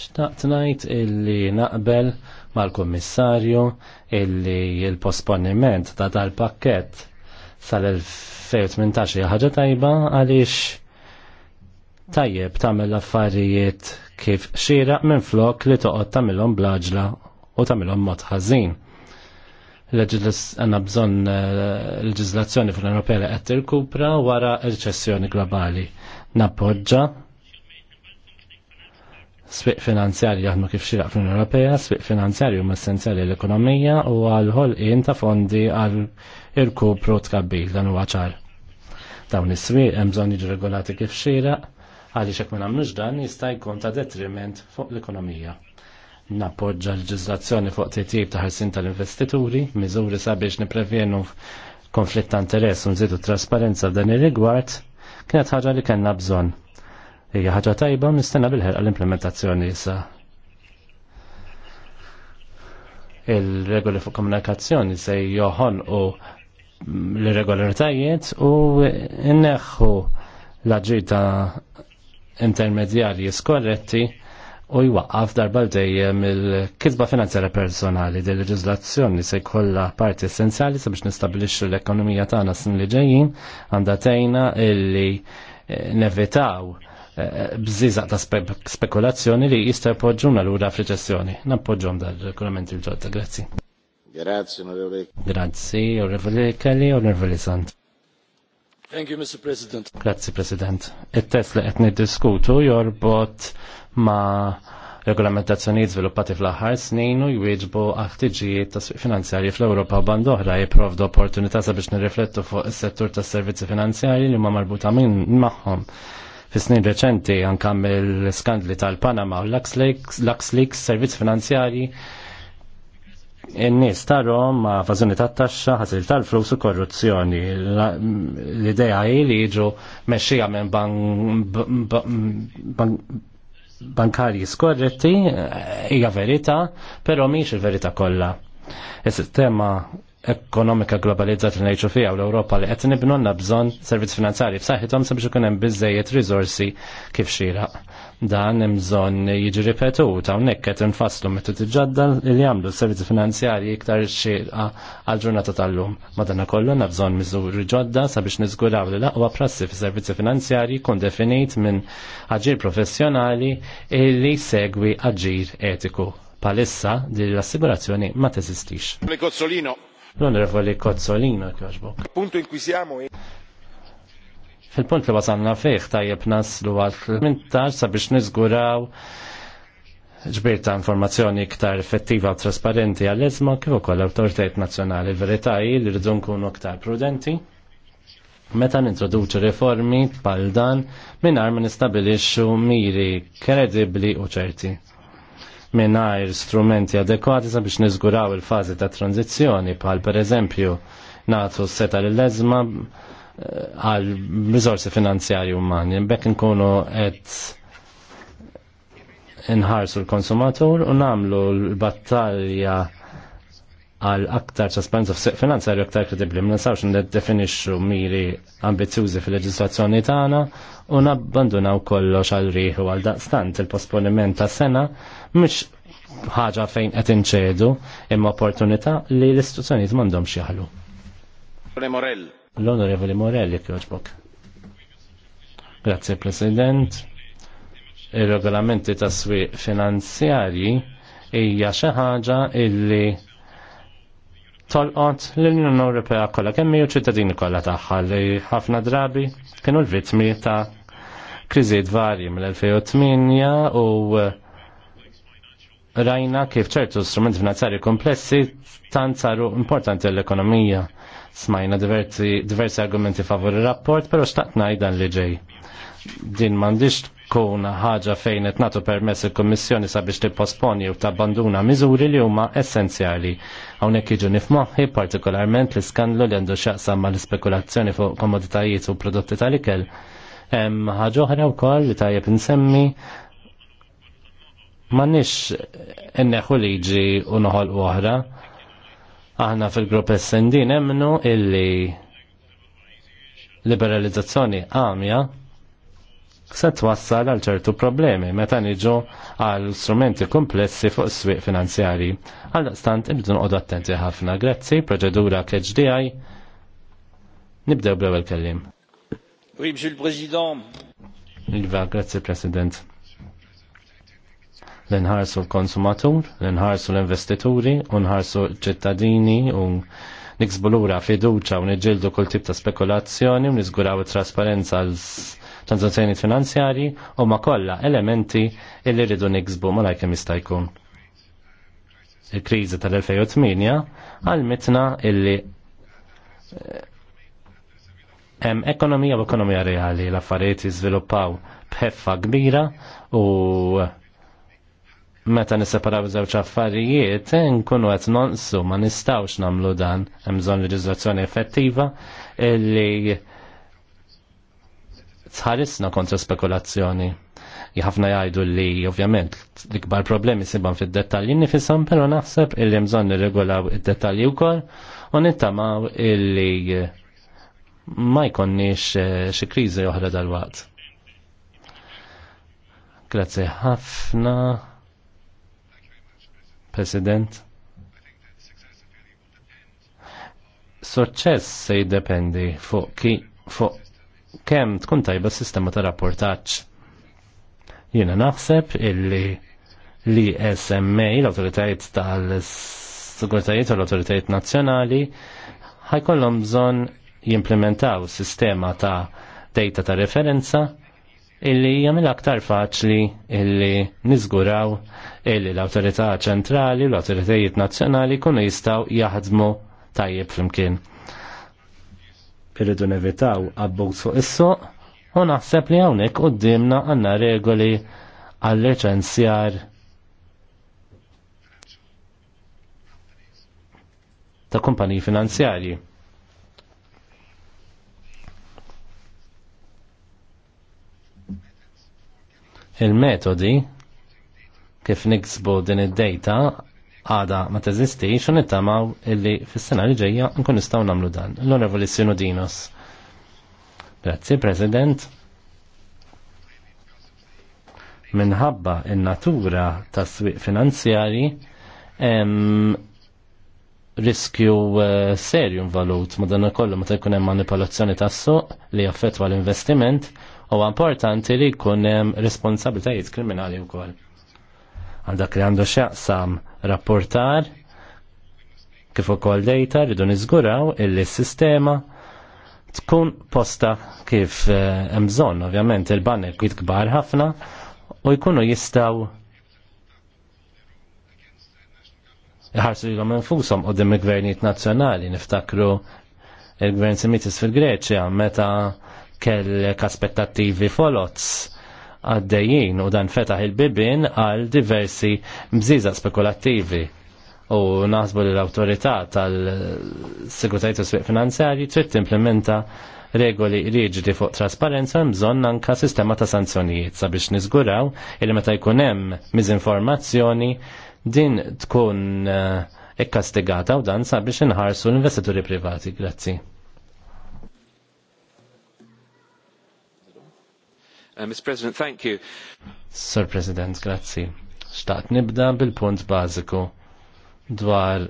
Xtaqt ngħid illi naqbel mal-Kummissarju illi il-posponiment ta' dal-pakket sal-2018 ħaġa tajba għaliex tajjeb tagħmel affarijiet kif xira minn flok li toqgħod tagħmilhom blaġla u tagħmilhom mod ħażin. Għanna bżon eh, leġizlazzjoni fl-Europea li qed tirkupra wara l ċessjoni globali. Nappoġġa Sfiq finanzjarji jaħdmu kif xiraq fl-Unjoni Ewropea, sfiq finanzjarju huma essenzjali l-ekonomija u għal ħolqien ta' fondi għal irkupru tkabbil dan huwa ċar. Dawn is-swieq hemm bżonn jiġu regolati kif xieraq għaliex hekk ma nagħmlux dan jista' jkun ta' detriment fuq l-ekonomija. Nappoġġa l-ġizlazzjoni fuq titjib ta' ħarsin tal-investituri, miżuri sabiex niprevjenu konflitt ta' interess u nżidu trasparenza f'dan ir-rigward, kienet ħaġa li kellna bżonn Ija ħaġa tajba mistenna bil ħer l-implementazzjoni issa. Il-regoli fuq komunikazzjoni se joħon u l-regolaritajiet u neħħu l-ġita intermedjali skorretti u jwaqqaf darba dejjem il-kizba finanzjera personali del leġizlazzjoni se jkollha parti essenzjali sabiex nistabilixxu l-ekonomija tagħna sin li ġejjin għandha tgħinna illi nevitaw bżizaq ta' spe spekulazzjoni li jista' jpoġġuna lura f'riċessjoni. Nappoġġhom dal-regolamenti l-ġodda, grazzi. Grazzi, onorevoli. Grazzi, onorevoli Kelly, onorevoli Sant. Thank you, Mr. President. Grazzi, President. Il-test li qed niddiskutu jorbot ma' regolamentazzjoni sviluppati fl-aħħar snin u jwieġbu aħtiġijiet ta' sfiq finanzjarji fl-Ewropa band oħra jipprovdu opportunità sabiex nirriflettu fuq is-settur tas-servizzi finanzjarji li ma marbuta minn magħhom. Fis-snin reċenti għankam mill-skandli tal-Panama u l-LuxLeaks servizz finanzjari in-nies tarhom ma' fażuni tat-taxxa, ħasil tal-flus u korruzzjoni. L-idea hi li jiġu mexxija minn bankarji skorretti hija verità, però mhix il-verità kollha. Is-sistema ekonomika globalizzat li nejċu fija u l-Ewropa li qed nibnu bżon bżonn servizz finanzjari b'saħħithom sabiex ikun hemm biżejjed riżorsi kif xieraq. Dan hemm bżonn jiġi ripetut hawnhekk qed infasslu metodi ġodda li jagħmlu s-servizzi finanzjarji iktar xierqa għal ġurnata tal-lum. kollu għandna bżonn miżuri ġodda sabiex niżguraw li l-aqwa prassi fis-servizzi finanzjarji jkun definit minn aġir professjonali li segwi aġir etiku palissa li l-assigurazzjoni ma teżistix. L-Onorevoli Kozzolina kħaxbok. Punto inkwisiamo e- Fil-punt li wasanna fih tajjeb naslu għal 18 sabiex nizguraw ġbir ta' informazzjoni iktar effettiva u trasparenti għall-ezma kif ukoll l-awtoritajiet nazzjonali verità li rridu nkunu iktar prudenti meta nintroduċu riformi bħal dan mingħajr ma nistabilixxu miri kredibbli u ċerti mingħajr strumenti adekwati sabiex niżguraw il-fażi ta' pal bħal pereżempju nagħtu seta' l-leżma eh, għal rizorsi finanzjarji umani. Bekk nkunu qed inħarsu l-konsumatur u namlu l-battalja għal aktar trasparenza finanzjarju aktar kredibli. Ma nsawx niddefinixxu miri ambizjużi fil-leġislazzjoni tagħna u nabbandunaw kollox għal riħu għal daqstant il-posponiment ta' sena mhix ħaġa fejn qed inċedu imma opportunità li l-istituzzjonijiet m'għandhomx jaħlu. Morell. L-Onorevoli Morelli kjoġbok. Grazie President. Ir-regolamenti tas-swieq finanzjarji hija xi ħaġa illi tolqot l-Unjoni Ewropea kollha kemm hija ċittadini kollha tagħha li ħafna drabi kienu l-vittmi ta' kriżijiet varji mill-2008 u uh, rajna kif ċertu strumenti finanzjari komplessi tant saru importanti l-ekonomija. Smajna diversi, diversi argumenti favur ir rapport però xtaqt najdan li ġej. Din m'għandix Kun ħaġa fejn qed nagħtu permess il-Kummissjoni sabiex tipposponi u tabbanduna miżuri li huma essenzjali. Hawnhekk jiġu nifmoħħi partikolarment l-iskandlu li għandu x'jaqsam mal-ispekulazzjoni fuq komoditajiet u prodotti tal-ikel. Hemm ħaġa oħra wkoll li tajjeb insemmi m'għandniex inneħu liġi u noħol oħra. Aħna fil-grupp SND nemmnu illi liberalizzazzjoni għamja se twassal għal ċertu problemi meta niġu għal strumenti komplessi fuq s-swieq finanzjari. Għal stant nibdu noqgħod attenti ħafna. Grazzi, proċedura KHDI. Nibdew bl-ewwel kellim. Oui, Monsieur le Président. Il-va, grazzi President. L-inħarsu l-konsumatur, l-inħarsu l-investituri, unħarsu l-ċittadini u nixbulura fiduċa u nġildu kull tip ta' spekulazzjoni u nizguraw it-trasparenza għal tranzazzjoni finanzjari u ma kollha elementi illi rridu niksbu ma lajkem jista' jkun. Il-kriżi tal-2008 għal-mitna illi eh, em ekonomija u ekonomija reali l-affarijiet jiżviluppaw bħeffa kbira u meta nisseparaw żewġ affarijiet, nkunu qed nonsu ma nistgħux nagħmlu dan hemm bżonn leġiżlazzjoni effettiva illi tħarisna kontra spekulazzjoni. Jħafna jgħidu li ovvjament l-ikbar problemi siban fid-dettalji nifisom, pero naħseb il-li mżon nirregolaw id-dettalji wkoll u nittamaw illi ma jkonniex eh, xi kriżi oħra dal-waqt. Grazzi ħafna. President. Suċċess se jiddependi fuq ki fuq kemm tkun tajba s-sistema ta' rapportaċ. Jiena naħseb illi li SMA, l-autoritajiet tal-sigurtajiet u l-autoritajiet nazzjonali, ħajkollhom bżonn jimplementaw sistema ta' data ta' referenza illi jagħmel aktar faċli illi niżguraw illi l-awtorità ċentrali u l-awtoritajiet nazzjonali kunu jistgħu jaħdmu tajjeb flimkien irridu nevitaw abbuż fuq is-suq u naħseb li hawnhekk qudiemna għandna regoli għal liċenzjar ta' kumpaniji finanzjarji. Il-metodi kif niksbu din id-data għada ma teżistix u nittamaw illi fis-sena li ġejja nkun nistgħu nagħmlu dan. L-Onorevoli Sinodinos. Grazzi, President. Minħabba il natura ta' swieq finanzjari hemm riskju eh, serju valut ma dan kollu meta jkun hemm manipolazzjoni tas-suq li jaffettwa l-investiment u importanti li jkun hemm responsabilitajiet kriminali wkoll għal dak li għandu xaqsam rapportar kif ukoll dejta rridu niżguraw illi s-sistema tkun posta kif eh, hemm bżonn, ovvjament il-banner kwit kbar ħafna u jkunu jistaw ħarsu jilom infusom u dim il-gvernijiet nazzjonali niftakru il-gvern Semitis fil-Greċja meta kellek aspettattivi folots għaddejjien u dan fetaħ il-bibin għal diversi mżiza spekulattivi u naħsbu li l-autorità tal-Segretarju tas Sviq Finanzjarji trid implementa regoli riġidi fuq trasparenza bżonn anka sistema ta' sanzjonijiet sabiex niżguraw il meta jkun hemm miżinformazzjoni din tkun eh, ikkastigata u dan sabiex inħarsu l-investituri privati. Grazzi. Uh, Mr. President, thank you. Sir President, grazzi. Xtaqt nibda bil-punt bażiku dwar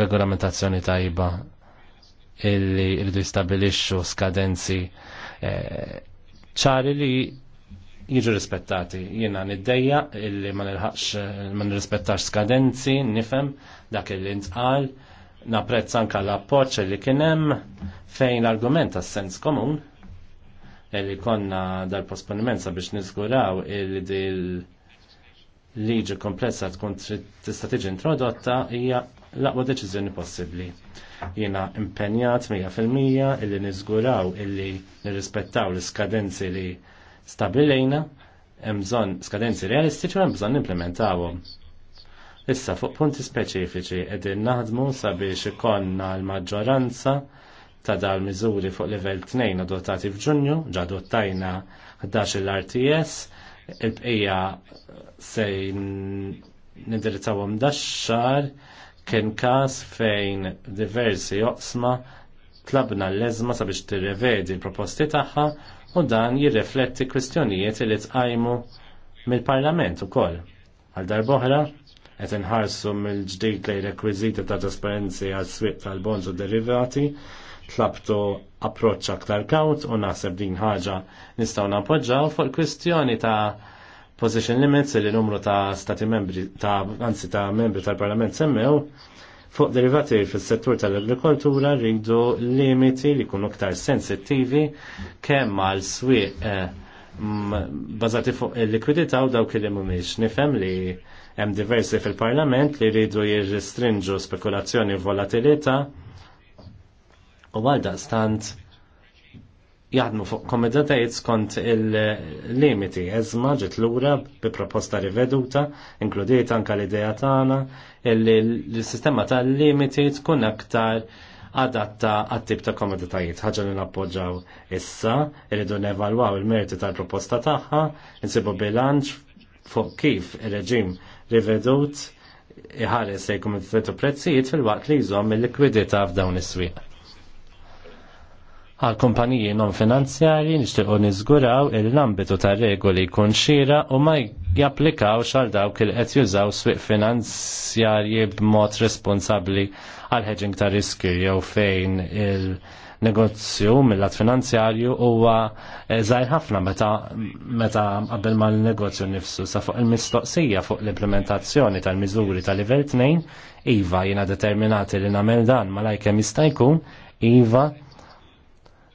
regolamentazzjoni tajba illi rridu jistabilixxu skadenzi eh, ċari li jiġu rispettati. Jiena niddejja illi ma nilħaqx ma nirrispettax skadenzi, nifhem dak illi ntqal, napprezz anke l-appoġġ li kien hemm fejn l-argument għas sens komun li konna dal-posponiment sabiex nizguraw il-dil liġi komplessa tkun tista' tiġi introdotta hija l-aqwa deċiżjoni possibbli. Jiena impenjat 100% illi niżguraw illi nirrispettaw l-iskadenzi li stabilejna, hemm bżonn skadenzi realistiċi u hemm bżonn implementawhom. Issa fuq punti speċifiċi qegħdin naħdmu sabiex ikollna l-maġġoranza ta' dal miżuri fuq level 2 adottati f'Ġunju, ġa adottajna 11 l-RTS, il-bqija se nindirizzawhom daċċar, kien każ fejn diversi oqsma tlabna l-leżma sabiex tirrevedi l-proposti tagħha u dan jirrifletti kwistjonijiet li tqajmu mill-Parlament ukoll. Għal darboħra, qed inħarsu mill-ġdid li rekwiżiti ta' trasparenzi għal swieq tal-bonds derivati tlabtu approċċ aktar kaut u naħseb din ħaġa nistgħu nappoġġaw fuq il-kwistjoni ta' position limits li numru ta' stati membri ta' anzi ta' membri tal-Parlament semmew fuq derivati fis-settur tal-agrikoltura rridu limiti li jkunu aktar sensittivi kemm għal swieq eh, bażati bazati fuq il-likwidità u dawk li mhumiex. Nifhem li hemm diversi fil-Parlament li rridu jirristrinġu spekulazzjoni volatilità u għaldaqstant daqstant jaħdmu fuq komedatajt skont il-limiti, eżma ġiet lura bi proposta riveduta, inkludiet anka l-idea tagħna li l-sistema tal-limiti tkun aktar adatta għat-tip ta' komedatajt, ħaġa li nappoġġaw issa, irridu nevalwaw il-merti tal-proposta tagħha, insibu bilanċ fuq kif ir-reġim rivedut iħares se u prezzijiet fil-waqt li jżom il-likwidità f'dawn is-swieq għal kumpaniji non finanzjarji nixtiequ niżguraw il-ambitu ta' regoli jkun xira u ma japplikaw xal dawk il qed jużaw swieq finanzjarji b'mod responsabbli għal hedging ta' riskju jew fejn il- negozju mill-lat finanzjarju huwa eh, żgħir ħafna meta meta qabel ma l-negozju nifsu sa fuq il-mistoqsija fuq l-implementazzjoni tal-miżuri tal-livell 2 iva jiena determinati li nagħmel dan malajkemm jista' jkun iva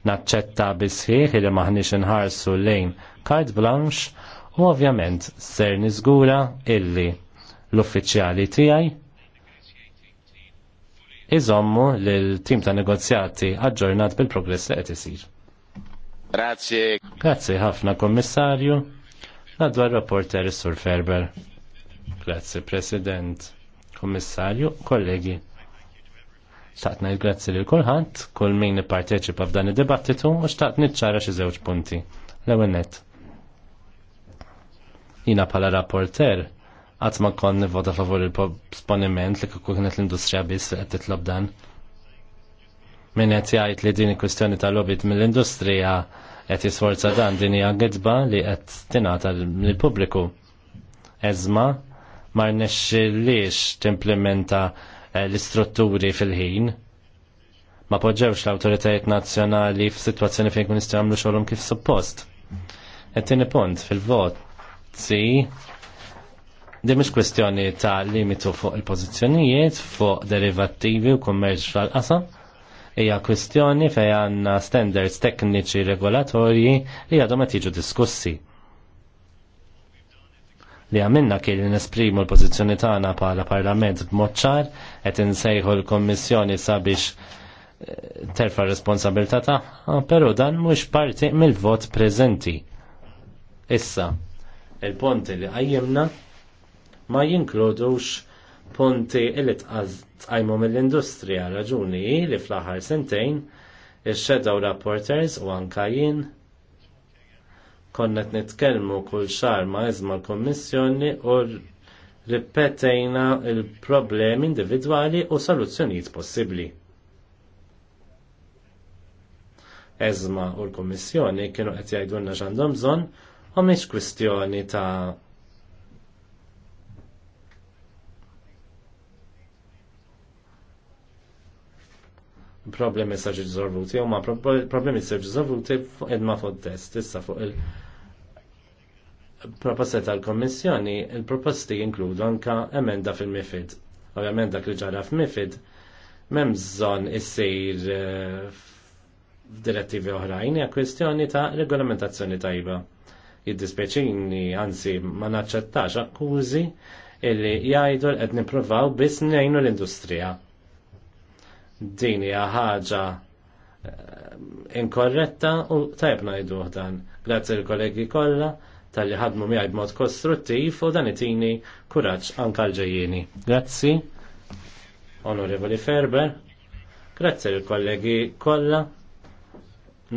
naċċetta bisħiħ li maħniex inħarsu lejn kart blanche u ovvjament ser niżgura illi l-uffiċjali tiegħi iżommu lil tim ta' negozjati aġġornat bil-progress li qed isir. Grazie. Grazie ħafna kommissarju. Nadwar rapporter Sur Ferber. Grazie President, Kommissarju, kollegi. Xtaqt ngħid grazzi lil kulħadd, kull min nipparteċipa f'dan id-dibattitu u xtaqt niċċara xi żewġ punti. L-ewwel nett. Jiena bħala rapporter qatt ma kon nivvota favur il-posponiment li kieku kienet l-industrija biss qed titlob dan. Min qed jgħid li din il-kwistjoni tal-lobit mill-industrija qed jisforza dan din hija gidba li qed tingħata lill-pubbliku. Eżma ma rnexxilix timplementa Eh, l-istrutturi fil-ħin. Ma poġġewx l-autoritajiet nazzjonali f-situazzjoni fejn kun istamlu jagħmlu xogħolhom kif suppost. Et-tieni punt fil-vot si Din kwestjoni ta' limitu fuq il-pożizzjonijiet, fuq derivattivi u kummerċ tal qasa hija kwestjoni fejn għandna standards tekniċi regolatorji li għadhom qed jiġu diskussi li għamilna kien nesprimu l-pozizjoni tagħna bħala parlament b'mod ċar qed insejħu l-Kommissjoni sabiex eh, terfa responsabilità tagħha, però dan mhux parti mill-vot preżenti. Issa, il-ponti li għajjemna ma jinkludux ponti li tqajmu mill-industrija raġuni li fl-aħħar sentejn ix xedaw rapporters u anka jien Konna qed nitkellmu kull xahar ma' iżma l-Kommissjoni u ripetejna il-problemi individwali u soluzzjonijiet possibbli. Eżma u l-Kommissjoni kienu qed jgħidulna x'għandhom bżonn u mhix kwistjoni ta' problemi sa' ġiġżorvuti, u ma' problemi sa' ġiġżorvuti fuq il-ma' fuq test, issa fuq il- proposta tal-Kommissjoni, il-proposti jinkludu anka emenda fil-MIFID. Ovvjament dak li ġara f'MIFID, m'hemm bżonn issir f'direttivi eh, oħrajn, hija kwestjoni ta' regolamentazzjoni tajba. Jiddispeċini, dispeċini anzi, ma naċċettax akkużi illi jgħidu qed nippruvaw biss ngħinu l-industrija. Din hija ħaġa eh, inkorretta u tajb najduħ dan. Grazzi l-kollegi kollha tal-li ħadmu miħaj b'mod kostruttiv u dan itini kuraċ anka l ġejjieni Grazzi, Onorevoli Ferber, grazzi l-kollegi kolla.